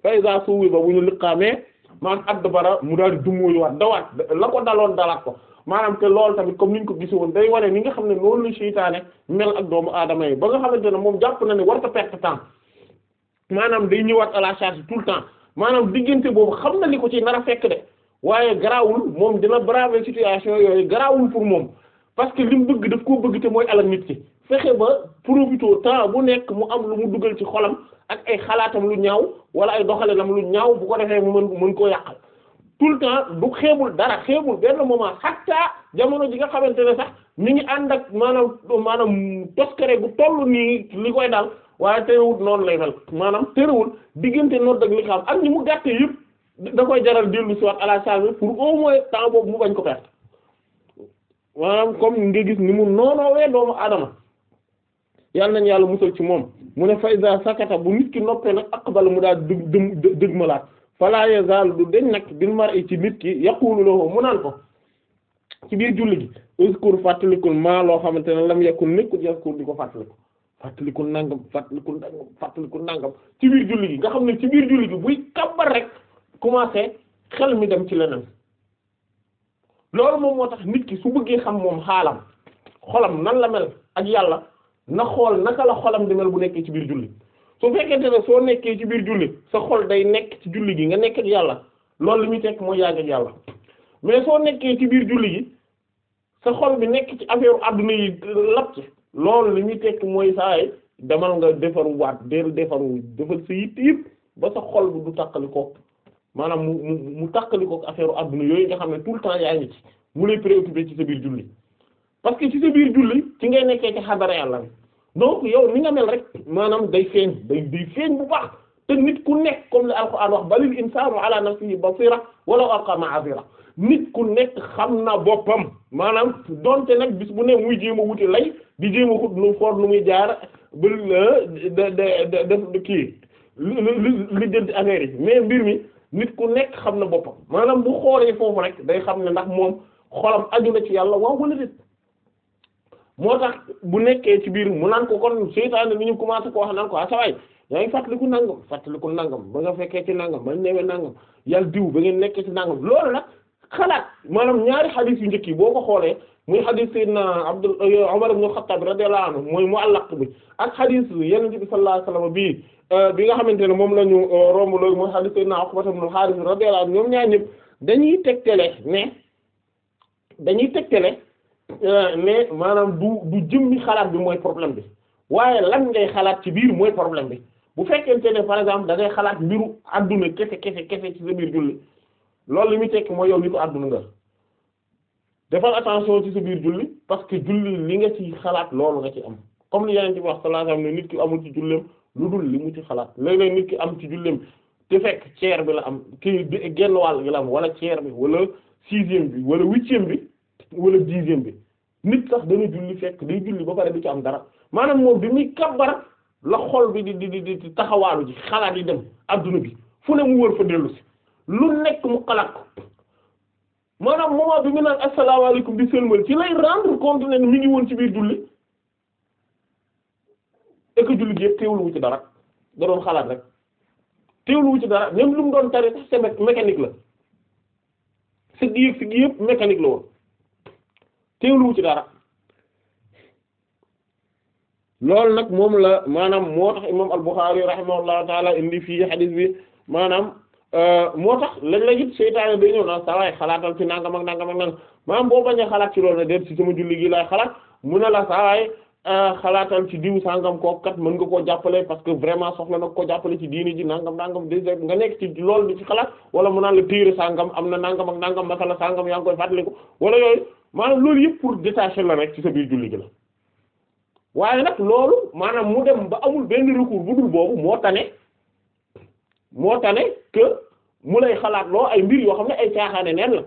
fa iza suwiba bu ñu liqaamee maanaam adbara mu daal di dummóoyu waat dawaat la ko daloon dalaat ko maanaam te loolu tamit comme ni ñu ko gis woon day waree ni nga xam ne noonu la seytaane mel ak doomu aadama yi ba nga xamante ne moom jàpp na ne war ta perte temps maanaam day ñëwaat à la charge tout le temps maanaam diggante boobu xam na li ko ci nara a fekk de waaye garaawul moom dina braver situation yooyu garaawul pour moom parce que li mu bëgg daf koo bëgg mooy alal nit fexe ba profité temps bu nekk mu am lu mu dugal ci xolam ak ay xalaatam lu ñaaw wala ay doxalinam lu ñaaw bu ko defee mu mën mën koo yàqal tout le temps du xeebul dara xeebul benn moment xatta jamono ji nga xamante ne sax ni ngi ànd ak maanaam maanaam toskare gu toll nii li koy dal waaye terewul noonu lay mel maanaam terewul diggante noonu ak li xam ak ñi mu gàtte yëpp da koy jaral dellu si wax à la charge pour au moins temps boobu mu bañ ko perte maanaam comme nga ni mu noonoowee doomu aadama yàlla nañ yàlla musal ci moom mu ne fa iza sakata bu nit ki noppee nag bala mu daal dëg dë dëgmalaat fala yazal du deñ nag bil mar'i ci nit ki yaqulu lahu mu naan ko ci biir julli gi uskur fàttalikul maa loo xamante ne lam yakun nekkul yaskur di ko fàttaliku fàttalikul nangam fàttalikul nangam fàttalikul nangam ci biir julli gi nga xam ne ci biir julli gi buy kàbbar rek commencé xel mi dem ci leneen loolu moom moo tax nit ki su bëggee xam moom xaalam xolam nan la mel ak yàlla na xool naka la xolam di bu nekkee ci biir julli su fekkente ne soo nekkee ci biir julli sa xol day nekk ci julli gi nga nekk ak yàlla loolu li muy tekk mooy yàgg ak yàlla mais soo nekkee ci biir julli gi sa xol bi nekk ci affaire adduna yi lap loolu li muy tekk mooy saay demal nga defaru waat del defaru defal sa yitt yëpp ba sa xol bi du tàqalikoo maanaam mu mu mu tàqalikoo affaire adduna yooyu nga xam ne tout le temps yaa ngi ci mu lay préoccupé biir julli parce que ci sa biir julli ci ngay nekkee ci xadara yàlla donc yow ni nga mel rek maanaam day feeñ day day feeñ bu baax te nit ku nekk comme le alquran wax balil insaanu ala nafsihi basira walaw alqa ma'azira nit ku nekk xam na boppam maanaam donte nag bis bu ne muy jéem a wuti lay di jéem a xut nu for nu muy jaar ba da da def kii li jënd affaire mais mbir mi nit ku nekk xam na boppam maanaam bu xoolee foofu rek day xam ne ndax moom xolam aju na ci yàlla waaw wala déet moo tax bu nekkee ci biir mu naan ko kon seytaane ni ñu commencé ko wax naan ko ah sawaay yaa ngi fàttaliku nangam fàttaliku nangam ba nga fekkee ci nangam ba newe nangam yàlla diw ba ngeen nekkee ci nangam loolu nag xalaat maanaam ñaari xadiis yu njëkk yi boo ko xoolee muy xadiis sayyidina Abdul Umar euh, ibn Khattab radiyallahu anhu mooy mu'allaq bi ak xadiis Yonent bi sallallahu alayhi wasallam bii euh, bi nga xamante ne moom la ñu euh, romb loolu mooy xadiis sayyidina Uqbata ibn Harith radiyallahu anhu ñoom ñaar ñëpp dañuy tegtale ne dañuy tegtale ne euh, maanaam du du jëmmi xalaat bi mooy problème bi waaye lan ngay xalaat ci biir mooy problème bi bu fekkente ne par exemple da ngay xalaat mbiru adduna kese kese kese ci sa biir julli loolu li muy tekki mooy yow nitu àdduna nga defal attention ci sa biir julli parce que julli li nga ci xalaat loolu nga ci am comme li yeneen ci wax sallallahu alayhi wasallam nit ki amul ci julleem lu dul li mu ci xalaat léeg-léeg nit ki am ci julleem te fekk tiers bi la am kii genn wàll gi la wala tiers bi wala sixième bi wala huitième bi wala dixième bi nit sax dana julli fekk day julli ba pare du ci am dara maanaam moom bi muy kabbara la xol bi di di di di ji xalaat yi dem àdduna bi fu ne mu wër fa dellu lu nekk mu xalaat ko maanaam moment bi mu naan asalaamaaleykum di sëlmal ci lay rendre compte ne mi ngi woon ci biir julli et que julli gi yëpp teewlu wu ci dara da doon xalaat rek teewlu wu ci dara même mu doon tari sax c'est la sa gi yëg si gi yëpp mécanique la teewluwu ci dara loolu nag moom la maanaam moo tax imam al-Bukhari rahimahullahu taala indi fii hadith bi maanaam euh, moo tax léeg-léeg it seytaane day ñëw na sa waay ak nangam ak nangam maanaam boo bañ a ci loolu ne déet ci sama julli gi laay xalaat mu ne la sa waay euh, xalaatal ci diw sangam kooku kat mën nga koo jàppale parce que vraiment soxla na ko jàppale ci diini ji nangam nangam déjà nga nekk ci loolu wala mu naan la am na nangam ak nangam masala sangam yaa yooyu. maanaam loolu yëpp pour détacher la rek ci sa biir julli gi la waaye nag loolu maanaam mu dem ba amul benn recours bu dul boobu moo tane moo tane que mu lay xalaat loo ay mbir yoo xam ne ay caaxaane nen la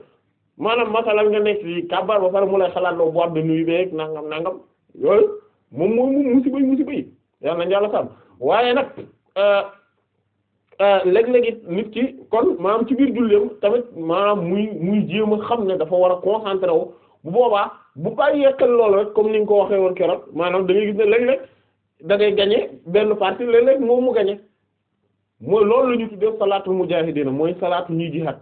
maanaam masalan nga nekk ci kàbbar ba pare mu lay xalaat loo boîte de nuit beeg nangam nangam yooyu moom mooy mu musiba yi musiba yi yal na yàlla sàmm waaye nag euh, euh, léeg-léeg it nit ki kon maanaam ci biir julleem tamit maanaam muy muy jéem a xam ne dafa war a concentré bu boobaa bu bàyyee xel loolu rek comme ni ñu ko waxee woon keroog maanaam da ngay gis ne léeg-léeg da ngay gañe benn partie léeg-léeg moom mu gañe mooy loolu la ñu tuddee salaatul mujaahidiina mooy salaatu ñuy jihaad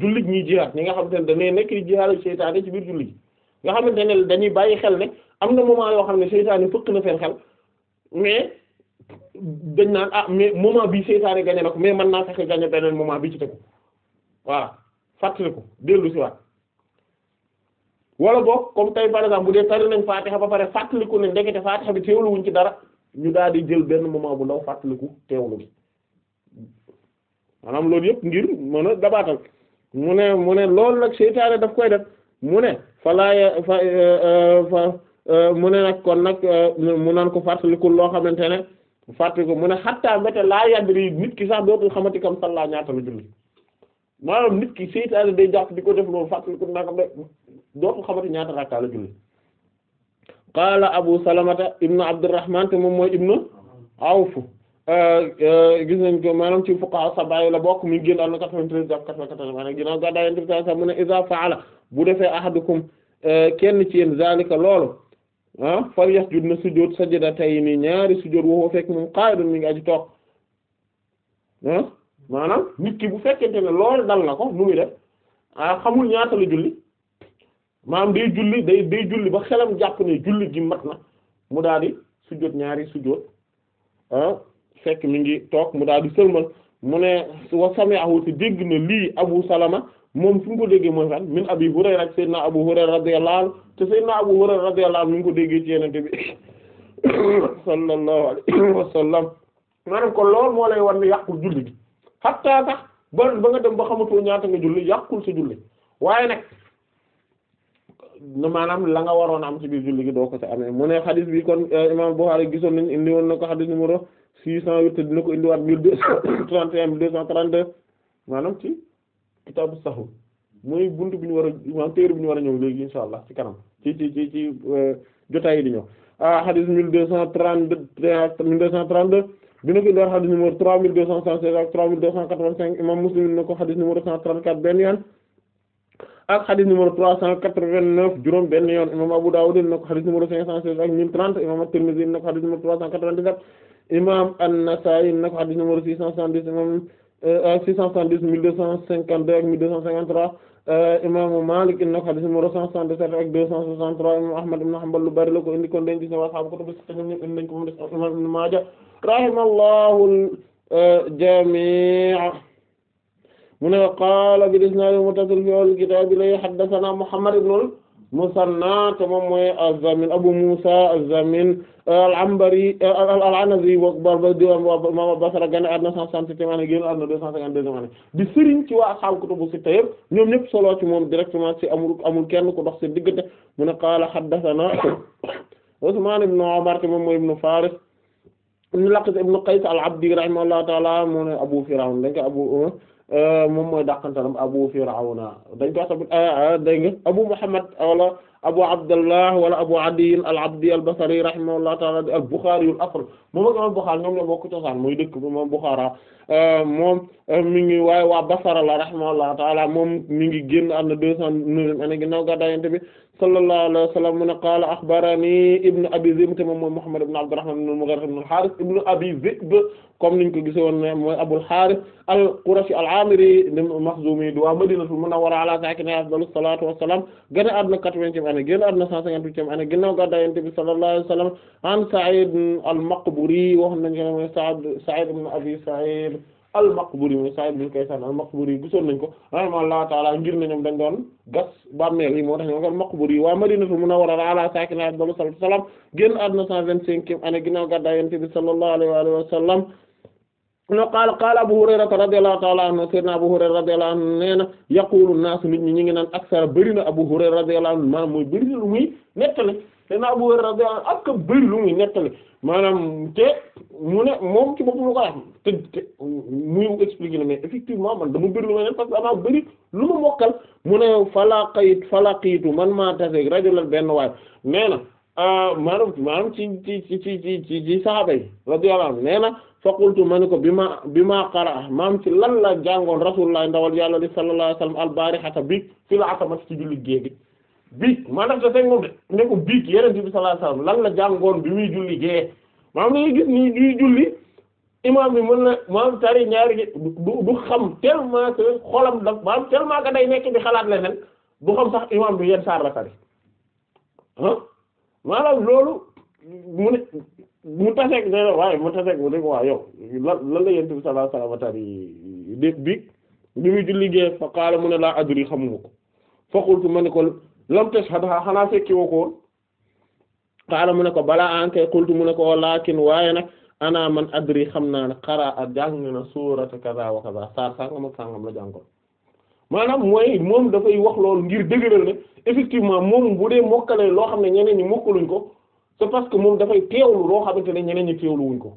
jullit ñuy jihaad ñi nga xamante ne dañuy nekk di jihaad seytaane ci biir jullit nga xamante ne dañuy bàyyi xel ne am na moment yoo xam ne seytaane fëkk na seen xel mais dañ naan ah mais moment bii seytaane gañe na ko mais mën naa fexe gañe beneen moment bi ci tegu voilà fàttali ko wala boo comme tey par exemple bu dee tari nañ faatixa ba pare fàttaliku ne ndekete faatixa bi teewlu wuñ ci dara ñu daal di jël benn moment bu ndaw fàttaliku teewlu bi maanaam loolu yëpp ngir mën a dabaatal mu ne mu ne loolu nag mu ne fa laay eh, eh, eh, mu ne nag kon nag mu naan ko fàttaliku loo xamante ne fàttaliku mu ne xattaa mbéte laa yadri nit ki sax dootul xamati kam sallaa ñaata la julli ki seytaane day jàpp di ko def loolu fàttaliku nangam de dootu xamati ñaata rakka la julli qaala abu salamata ibnu abdurrahman te moom mooy ibnu awf euh, gis nañ ko maanaam ci fuqaha sabay la bokk mi ngi génn àdduna 93 jàpp 94 maanaam ginnaaw gàddaay Yonent bi sallallahu alayhi wasallam mu ne iza fa'ala bu defee ahadukum euh, kenn ci yéen zalika loolu ah falyasjud na sujjóot sajdatayni ñaari sujjóot woo fekk moom qaa'idun mi ngi aji toog ah, maanaam nit ki bu fekkente ne loolu dal na ko nu muy def ah, xamul ñaata la maanaam day julli day day julli ba xelam jàpp ne julli gi mat na mu daal di sujjóot ñaari sujjóot ah fekk mi ngi toog mu daal di sëlmal mu ne wa sami'ahu te dégg na lii Abu Salama moom fi mu ko déggee mooy fan min Abi Hurayra ak Seydina Abu Hurayra radiyallahu Abu Hurayra radiyallahu anhu mi ngi ko déggee ci yenente bi sallallahu alayhi wa sallam maanaam kon loolu moo lay war ne yàqul julli gi xattaa sax ba ba nga dem ba xamatoo ñaata nga julli yàqul si julli waaye nag maanaam la nga waroon am ci biir julli gi doo ko ci amee mu ne xadis bi kon eh, imam Bukhari na ko xadis numéro six cent huit te dina ko indiwaat mille deux cent trente deux ñu war a bi ñu war a ñëw léegi insha allah ci eh, ah, mille deux cent trente-deux dina ko indiwaat xadis numéro trois mille deux cent soixante trois mille deux cent quatre cinq imam Muslim na xadis numéro cent trente-quatre benn yoon ak xadis numéro trois cent quatre-vingt-neuf juróom benn imam Abu Dawud in na xadis numéro cinq cent seize ak mille trente imam At-Tirmidhi in na xadis numéro trois cent quatre vingt sept imam An-Nasa'i in na xadis numéro six cent dix imam euh, euh, six cent dix mille deux cent cinquante-deux cent cinquante-trois euh, imam Ahmad ibn Hanbal lu bari la ko imam Ibn Maaja rahimallahu jami'a mu ne qaala bil isnaad muttasil fi al kitaab la haddathana Muhammad ibn al Musanna te moom mooy az-Zamin Abu Musa az-Zamin al-Anbari al-Anazi Barbahari imaam Basra gane àdduna 167 an génn àdduna 252 an di sëriñ ci waa ashaabu kutubu sitta yépp solo ci moom directement ci amul amul kenn ku dox ci diggante mu ne qaala haddathana Usmaan ibn Umar te moom mooy ibn Faris ibn Laqit ibn Qays al-Abdi rahimahullahu ta'ala mu ne Abu Fir'awn dañ ko Abu Euh, moom mooy dàqantalam Abu Firawna dañ koy sabit euh, euh, dégg nga Abu Muhammad wala Abu Abdullah wala Abu Adi al-Abdi al-Basri rahimahullahu ta'ala al-Bukhari al-asl moom ak imam Bukhari ñoom la bokk cosaan mooy dëkk bi moom Bukhara moom mi ngi waaye waa Basra la taala moom ngi génn deux cent neuvième année ginnaaw gàddaay Yonent bi sallallahu alayhi wa sallam mu ne qaala axbarani ibn abi Zi'b te moom mooy Muhammad ibn Abdurrahman ibn al-Mughira ibn al-Harith abi Zi'b comme niñ ko gisoon ne mooy Abul Harith al-Qurashi al-Amiri al-Makhzumi waa Madinatul Munawwara ala sakiniha afdalus salatu wassalam génn àdduna quatre-vingtième année génn àdduna cent cinquante-huitième année ginnaaw gàddaay Yonent bi sallallahu al-Maqburi wax nañ ko mooy al-Maqburi mooy Sa'id ibn Kaysan al-Maqburi gisoon nañ ko rahimahullahu ta'ala ngir ne ñoom dañ gas bàmmeel yi moo tax ñoom al-Maqburi waa Madinatul Munawwara ala saakinihaa afdalu salaatu wa salaam génn àdduna 125e a ginnaaw gàddaay Yonent bi sallallahu alayhi wa sallam no qaala qaala Abu Hurayrata radiyallahu ta'ala anhu sayyidina Abu Hurayra radiyallahu anhu nee na yaqulu naas nit ñi ñu ngi naan aksara bëri Abu Hurayra radiyallahu anhu maanaam maanaam te mu ne moom ci boppam mu ko wax muy expliquer ne mais effectivement man dama bëri lu ma leen parce bëri lu ma mokkal mu ne falaa xayit falaa xiitu man maa tase rajo la benn waay nee na euh, maanaam maanaam ci ci ci ci ci ci saxaaba yi radiyallahu anhu nee na faqultu ma ni ko bi ma bi maa qara maam ci lan la jàngoon rasulullah ndawal yàlla li sallallahu alayhi wasallam al-barihata bi fil asamat ci julli géegi biig maanaam da seen moom de ne ko biig yeneen bi sallallahu lan la jàngoon bi muy julli gee maanaam dañuy gis ñuy julli imaam bi mën na maanaam tari ñaari du du xam tellement que xolam daf maanaam tellement que day nekk di xalaat leneen du xam sax imaam bi yenn saar la tari ah maanaam loolu mu ne mu taseeg ne waaye mu taseeg mu ne ko yow lan lan la yent bi sallallahu alayhi tari dé biig bi muy julli gee fa mu ne laa adri xamuma ko fa ko lam tashhadha xanaa fekki woo ko woon qaala mu ne ko balaa ankay qultu mu ne ko laakin waaye nag ana man adri xam naa ne xaraa ak jàng na suurata kaza wa kaza saar sàngam ak sàngam la jàngoon maanaam mooy moom dafay wax loolu ngir dëgëral ne effectivement moom bu dee mokkale loo xam ne ñeneen ñi mokkaluñ ko c'est que moom dafay teewlu loo xamante ne ñeneen ñi ko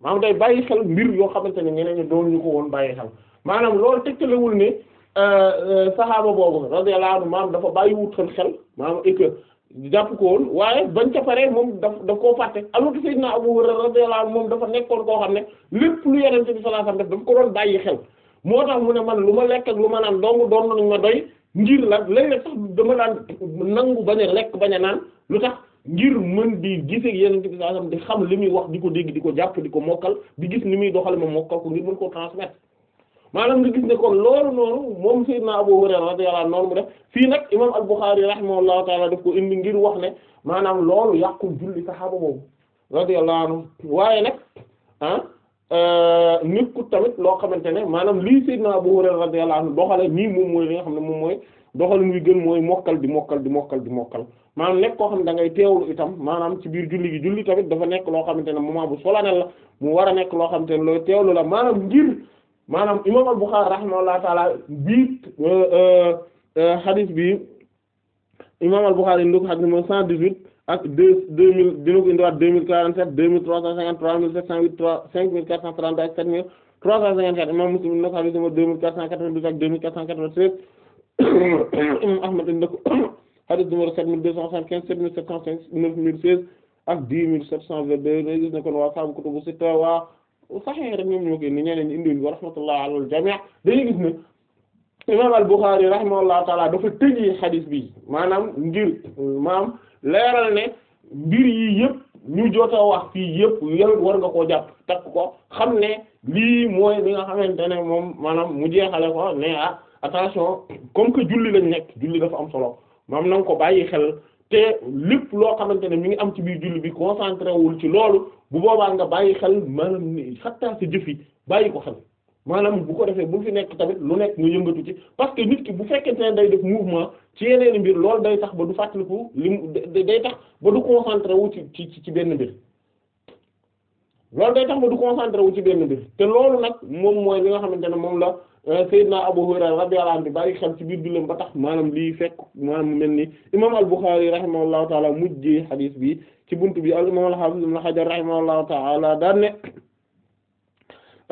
maanaam day bàyyi xel mbir yoo xamante ne ñeneen ñi doon ñu woon bàyyi xel maanaam loolu tegtalewul ne Euh, euh, saxaaba boobu radiyallahu anhu maam dafa bàyyi wut xel xel maam et jàpp ko woon waaye bañ ca paree moom daf daf koo fàtte alors que Seydina Abu Hurayra radiyallahu moom dafa nekkoon koo xam ne lépp lu Yonent bi sallallahu def dafa ko doon bàyyi xel moo tax mu ne man lu ma lekk ak lu ma naan dong doon nañ ma doy ngir la léeg-léeg sax dama daan nangu bañ a lekk bañ a naan lu tax ngir mën di gis ak Yonent bi sallallahu alayhi di xam li muy wax di ko dégg di ko jàpp di ko mokkal di muy doxale ma mokkal ko ngir mën koo transmettre maanaam nga gis ne kon loolu noonu moom Seydina Abu Hurayra radiyallahu anhu noonu mu def fii nag imam al-Bukhari ko indi ngir wax ne maanaam loolu yàqul julli saxaaba boobu radiyallahu waaye nag ah euh, nekkul tamit loo xamante ne maanaam lii Seydina Abu Hurayra radiyallahu doxale nii moom mooy li nga xam ne moom mooy doxalin wi gën mooy mokkal di mokkal di mokkal di mokkal maanaam nekk koo xam ne da ngay teewlu itam maanaam ci biir julli gi julli tamit dafa nekk loo xamante ne moom bu solennel la mu war a nekk loo xamante ne looy teewlu la maanaam ngir maanaam imam al-Bukhari rahimahullah la bii euh, euh, euh, hadith bi imam al-Bukhari indi ko hadith numéro 118 ak deux deux mille dina ko indiwaat deux mille quarante sept deux mille trois cent cinquante trois mille sept cent huit trois cinq mille quatre cent trente ak sept mille trois cent cinquante quatre imam Muslim indi ko hadith numéro deux mille ak deux mille quatre cent quatre imam Ahmad indi ko hadith numéro sept mille deux cent soixante-quinze sept mille sept cent neuf mille seize ak dix mille sept cent vingt-deux léegis ne kon waa saabu saxee rek ñoom ñoo koy ni ñeneen ñi indiwuñu ko rahmatullah alal jamii dañuy gis ne imam al Bukhari rahimahullahu taala dafa tëjee xadis bi maanaam ngir maam leeral ne mbir yi yëpp ñu jot a wax fii yëpp yow war nga koo jàpp takk ko xam ne lii mooy li nga xamante ne moom maanaam mu jeexale ko ne ah attention comme que julli lañ nekk julli dafa am solo maam na ko bàyyi xel te lépp loo xamante ne mu ngi am ci biir julli bi concentré wul ci loolu bu boobaa nga bàyyi xel maanaam ni xattaa sa jëf yi bàyyi ko xel maanaam bu ko defee bu fi nekk tamit lu nekk nga yëngatu ci parce que nit ki bu fekkente ne day def mouvement ci yeneeni mbir loolu day tax ba du fàttaliku li day tax ba du concentré wu ci ci ci benn mbir loolu day tax ba du concentré wu ci benn mbir te loolu nag moom mooy li nga xamante ne moom la euh, Seydina Abu Hurayra radiyallahu anhu bàyyi xel ci biir dulem ba tax maanaam lii fekk maanaam mu mel ni imaam al-Bukhari rahimahullahu taala mujjee xadiis bi ci bunt bi al imaam al-Hafiz Ibn Hajar rahimahullahu taala daan ne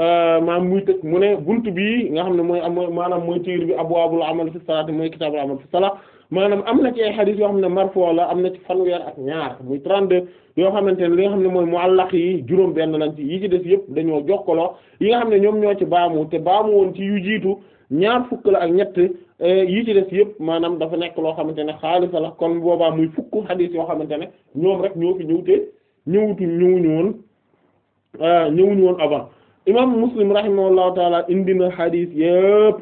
Euh, maanaam muy tëj mu ne buntu bii nga xam ne mooy am maanaam mooy téere bi abwaabul amal fi salaati mooy kitaabul amal fi salaat maanaam am na ci ay xadis yoo xam ne marfo la am na ci fanweer ak ñaar muy 32 yoo xamante ne li nga xam ne mooy muallaq yi juróom benn lañ ci yi ci des yëpp dañoo jokkaloo yi nga xam ne ñoom ñoo ci baamu te baamu woon ci yu jiitu ñaar fukk la ak ñett eh, yi ci des yëpp maanaam dafa nekk loo xamante ne xaalisa la kon boobaa muy fukk xadis yoo xamante ne ñoom rek ñoo fi ñëw te ñëwutu ñëwuñu woon euh, ñëwuñu woon avant imam muslim rahimahullahu taala indi na xadis yëpp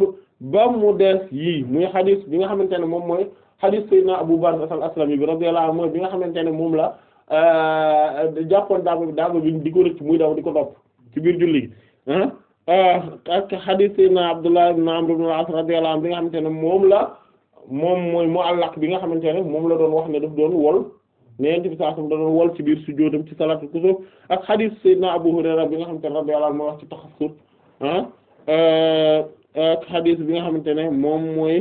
ba mu des yii muy xadis bi nga xamante ne moom mooy xadis sayyidina abu barza al aslami mooy bi nga xamante ne moom la euh, jàppoon daaba bi bi di ko rëcc muy daw di ko topp ci biir julli euh, ak xadis sayyidina abdullah ibn amr bi nga xamante ne moom la moom mooy muallaq bi nga xamante ne moom la doon wax ne def doon wol neen bi saa doon wol ci biir sujjóotam ci salaatul kusuuf ak xadiis Seydina Abu Hurayra bi nga xam ne rabbi àlal moo wax ci ah, eh, bi nga xamante ne moom mooy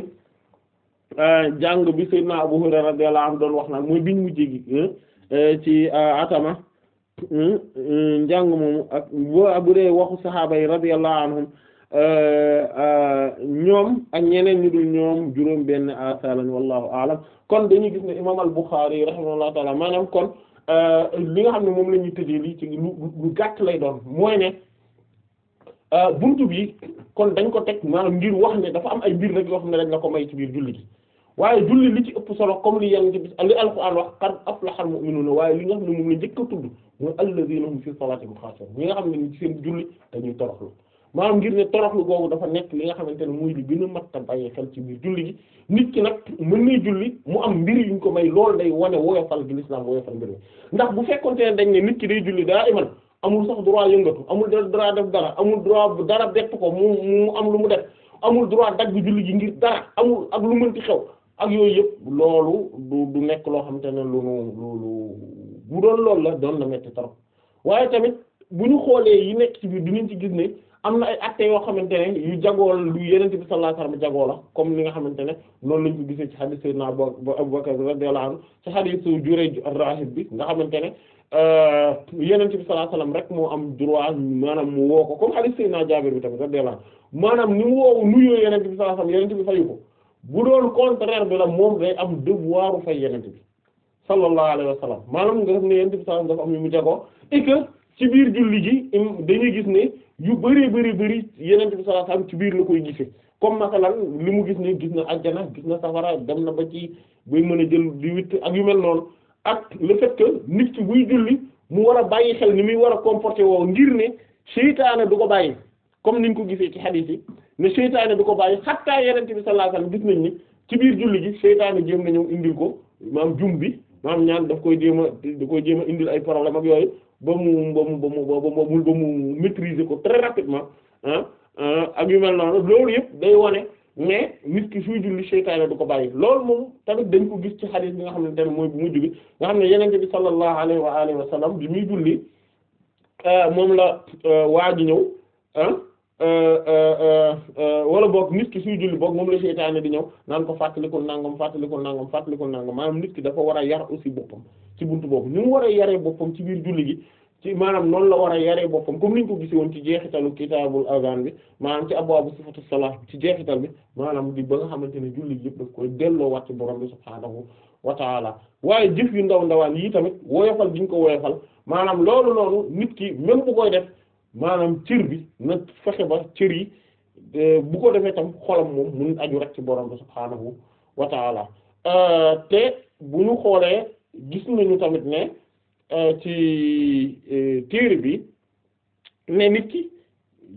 eh, jàng bi Seydina Abu Hurayra radiyallahu anhu doon wax naan mooy biñ mu gi eh, ci atama njàng moomu ak bu dee waxu saxaaba yi radiyallahu anhum Euh, euh, ñoom ak ñeneen ñu dul ñoom juróom benn asa lañ wallahu alam kon dañuy gis ne imam al-Bukhari rahimahullahu taala maanaam kon euh, li nga xam ne moom la ñuy tëjee lii ci lu gàtt lay doon mooy ne buntu bi kon dañ ko teg maanaam ngir wax ne dafa am ay mbir rek yoo xam ne dañ ko may ci biir julli gi waaye julli li ci ëpp solo comme li yenn ci bis li alquran wax qad aflaha almu'minuna waaye li nga xam ne moom la njëkk a tudd mooy alladhina hum fi salatihim khashi'un ñi nga xam ne ci seen maanaam ngir ne toroxlu googu dafa nekk li nga xamante ne muy li gën a mat a bàyyi xel ci biir julli gi nit ki nag mën na julli mu am mbir yu ñu ko bay loolu day wane woyofal gi lislaam woyofal mbir mi ndax bu fekkonte ne dañ ne nit ki day julli daa iman amul sax droit yëngatu amul droit def dara amul droit dara bett ko mu am lu mu def amul droit dagg julli gi ngir dara amul ak lu mënti xew ak yooyu yëpp loolu du nekk loo xamante ne lu nu lu bu doon lool la doon na metti trop waaye tamit bu ñu xoolee yi nekk ci biir dinañ ci gis am na ay actes yoo xamante ne yu jagool lu yenente bi sallallahu alayhi wasallam jagoo la comme li nga xamante ne noonu lañ ko gisee ci hadith sayyidina Abu Bakr radiyallahu anhu ci hadith Jurayj ar-rahib bi nga xamante ne euh, yenente bi sallallahu alayhi wasallam rek moo am droit maanaam mu woo ko comme hadith sayyidina Jaabir bi tamit radiyallahu anhu maanaam ni mu woowu nuyoo yenente bi sallallahu alayhi wasallam yenente bi fayu bu doon contraire bi la moom day am devoir fay yenente bi sallallahu alayhi wasallam bi sallallahu alayhi wasallam dafa am yu mu jagoo et ci biir julli ji um, dañuy gis ne yu bëree bëri bëri yeneen bi sallallahu alayhi ci biir la koy gisee comme masalan li mu gis ne gis na ajjana gis na safara dem na ba ci bay mën a jël di witt ak yu mel noonu ak le fait que nit ki buy julli mu war a bàyyi xel ni muy war a comporter woo ngir ne seytaane du ko bàyyi comme niñ ko gisee ci hadith yi ne seytaane du ko bàyyi xattaa yeneen bi sallallahu alayhi wasallam gis nañ ni ci biir julli gi seytaane jéem na ñëw indil ko maam jum bi maam ñaan daf koy jéem a da koy jéem a indil ay problème ak yooyu ba mu ba mu ba mu ba mu ba mu maîtriser ko très rapidement ah ak yu mel noonu loolu yëpp day wane mais nit ki suy julli seytaane du ko bàyyi loolu moom tamit dañ ko gis ci xadiis bi nga xam ne mooy bu mujj bi nga xam ne yenente bi sallallahu alayhi wa alihi wa sallam bi muy julli euh, moom la euh, waa ji ñëw Euh, euh, euh, wala boog nit ki suy julli boog moom la seytaane di ñëw naan ko fàttalikul nangam fàttalikul nangam fàttalikul nangam maanaam nit ki dafa war a yar aussi boppam ci buntu boobu ni mu war a yaree boppam ci biir julli gi maanaam noonu la war a yaree boppam comme niñ ko gise woon ci jeexitalu kitaabul azan bi maanaam ci abwaabu sifatu salaah ci jeexital bi maanaam di ba nga xamante ne julli gi yëpp daf koy delloo wat ci borom bi subhaanahu wa taala waaye jëf yu ndaw ndawaan yi tamit woyofal diñ ko woyofal maanaam loolu noonu ki même bu koy def maanaam cir bi nag fexe ba cër yi euh, bu ko defee tam xolam moom mun aju rek ci borom bi subhaanahu wa taala euh, te bu ñu xoolee gis nañu tamit ne euh, ci téere bi ne nit ki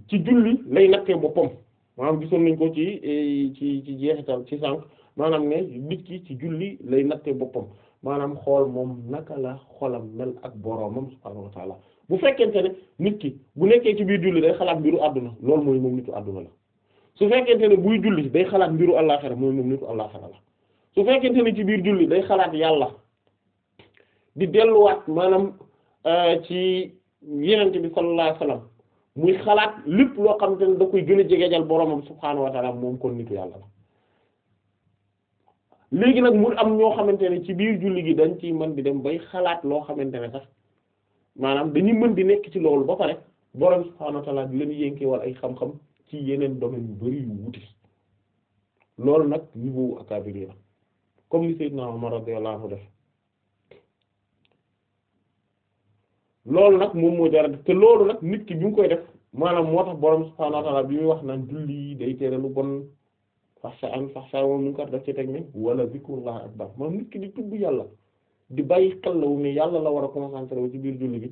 ci julli lay nattee boppam maanaam gisoon nañ ko ci ci ci jeexital ci sànq maanaam nit ki ci julli lay nattee boppam maanaam xool moom naka la xolam mel ak boromam subhaanahu wa bu fekkente ne nit ki bu nekkee ci biir julli day xalaat mbiru àdduna loolu mooy moom nitu àdduna la su fekkente ne buy julli day xalaat mbiru àllaxira mooy moom nitu àllaxira la su fekkente ne ci biir julli day xalaat yàlla di delluwaat maanaam euh, ci yenente bi sallallahu alayhi muy xalaat lépp loo xamante da koy gën a jegejal boromam subhaanahu wa ta'ala moom kon nitu yàlla la léegi nag mu am ñoo xamante ne ci biir julli gi dañ ci mën di dem bay xalaat loo xamante ne sax maanaam dañuy mën di nekk ci loolu ba pare borom subhaanahu wa ta'aala di yënkee wala ay xam-xam ci yeneen domaine yu bari yu wuti loolu nag niveau akabiri la comme li Seydina Umar radiyallahu anhu def loolu nag moom moo jar te loolu nag nit ki bi mu koy def maanaam moo tax borom subhaanahu wa bi muy wax naan julli day tere lu bon fahsha an fahsha wa munkar daf ci teg ne wala zikrullah akbar maanaam nit ki di tudd yàlla. di bàyyi xel la wu ne yàlla la war a concentré wu ci biir julli bi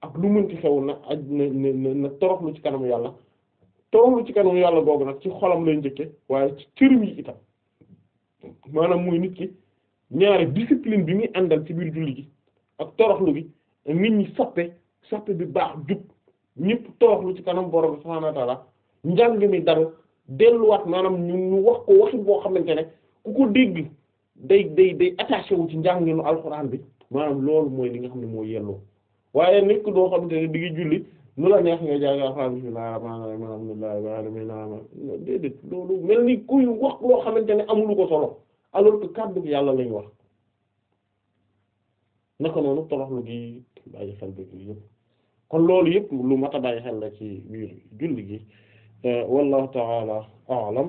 ak lu mënti xew na aj na na na toroxlu ci kanamu yàlla toroxlu ci kanamu yàlla googu nag ci xolam lay njëkke waaye ci cërim yi itam maanaam muy nit ki ñaari discipline bi muy àndal ci biir julli gi ak toroxlu bi nit ñi sappe sappe bi baax jub ñëpp toroxlu ci kanam borom subhaanahu wa ta'aala njàng mi dal delluwaat maanaam ñu wax ko waxi boo xamante ne ku ko dégg day day day attaché wu ci njànginu alxuraan bi maanaam loolu mooy li nga xam ne moo yelloo waaye nekk doo xamante ne di ngi julli nu la neex nga jàng alxuraan bismillahir rahmanir rahim alhamdulillahi rabbil xamante ne amulu ko solo alors que kàddu gi yàlla lañ wax naka noonu toroxlu gi bàyyi xel bi yëpp kon loolu yëpp lu mat a xel la ci biir julli gi eh, wallahu ta'ala a'lam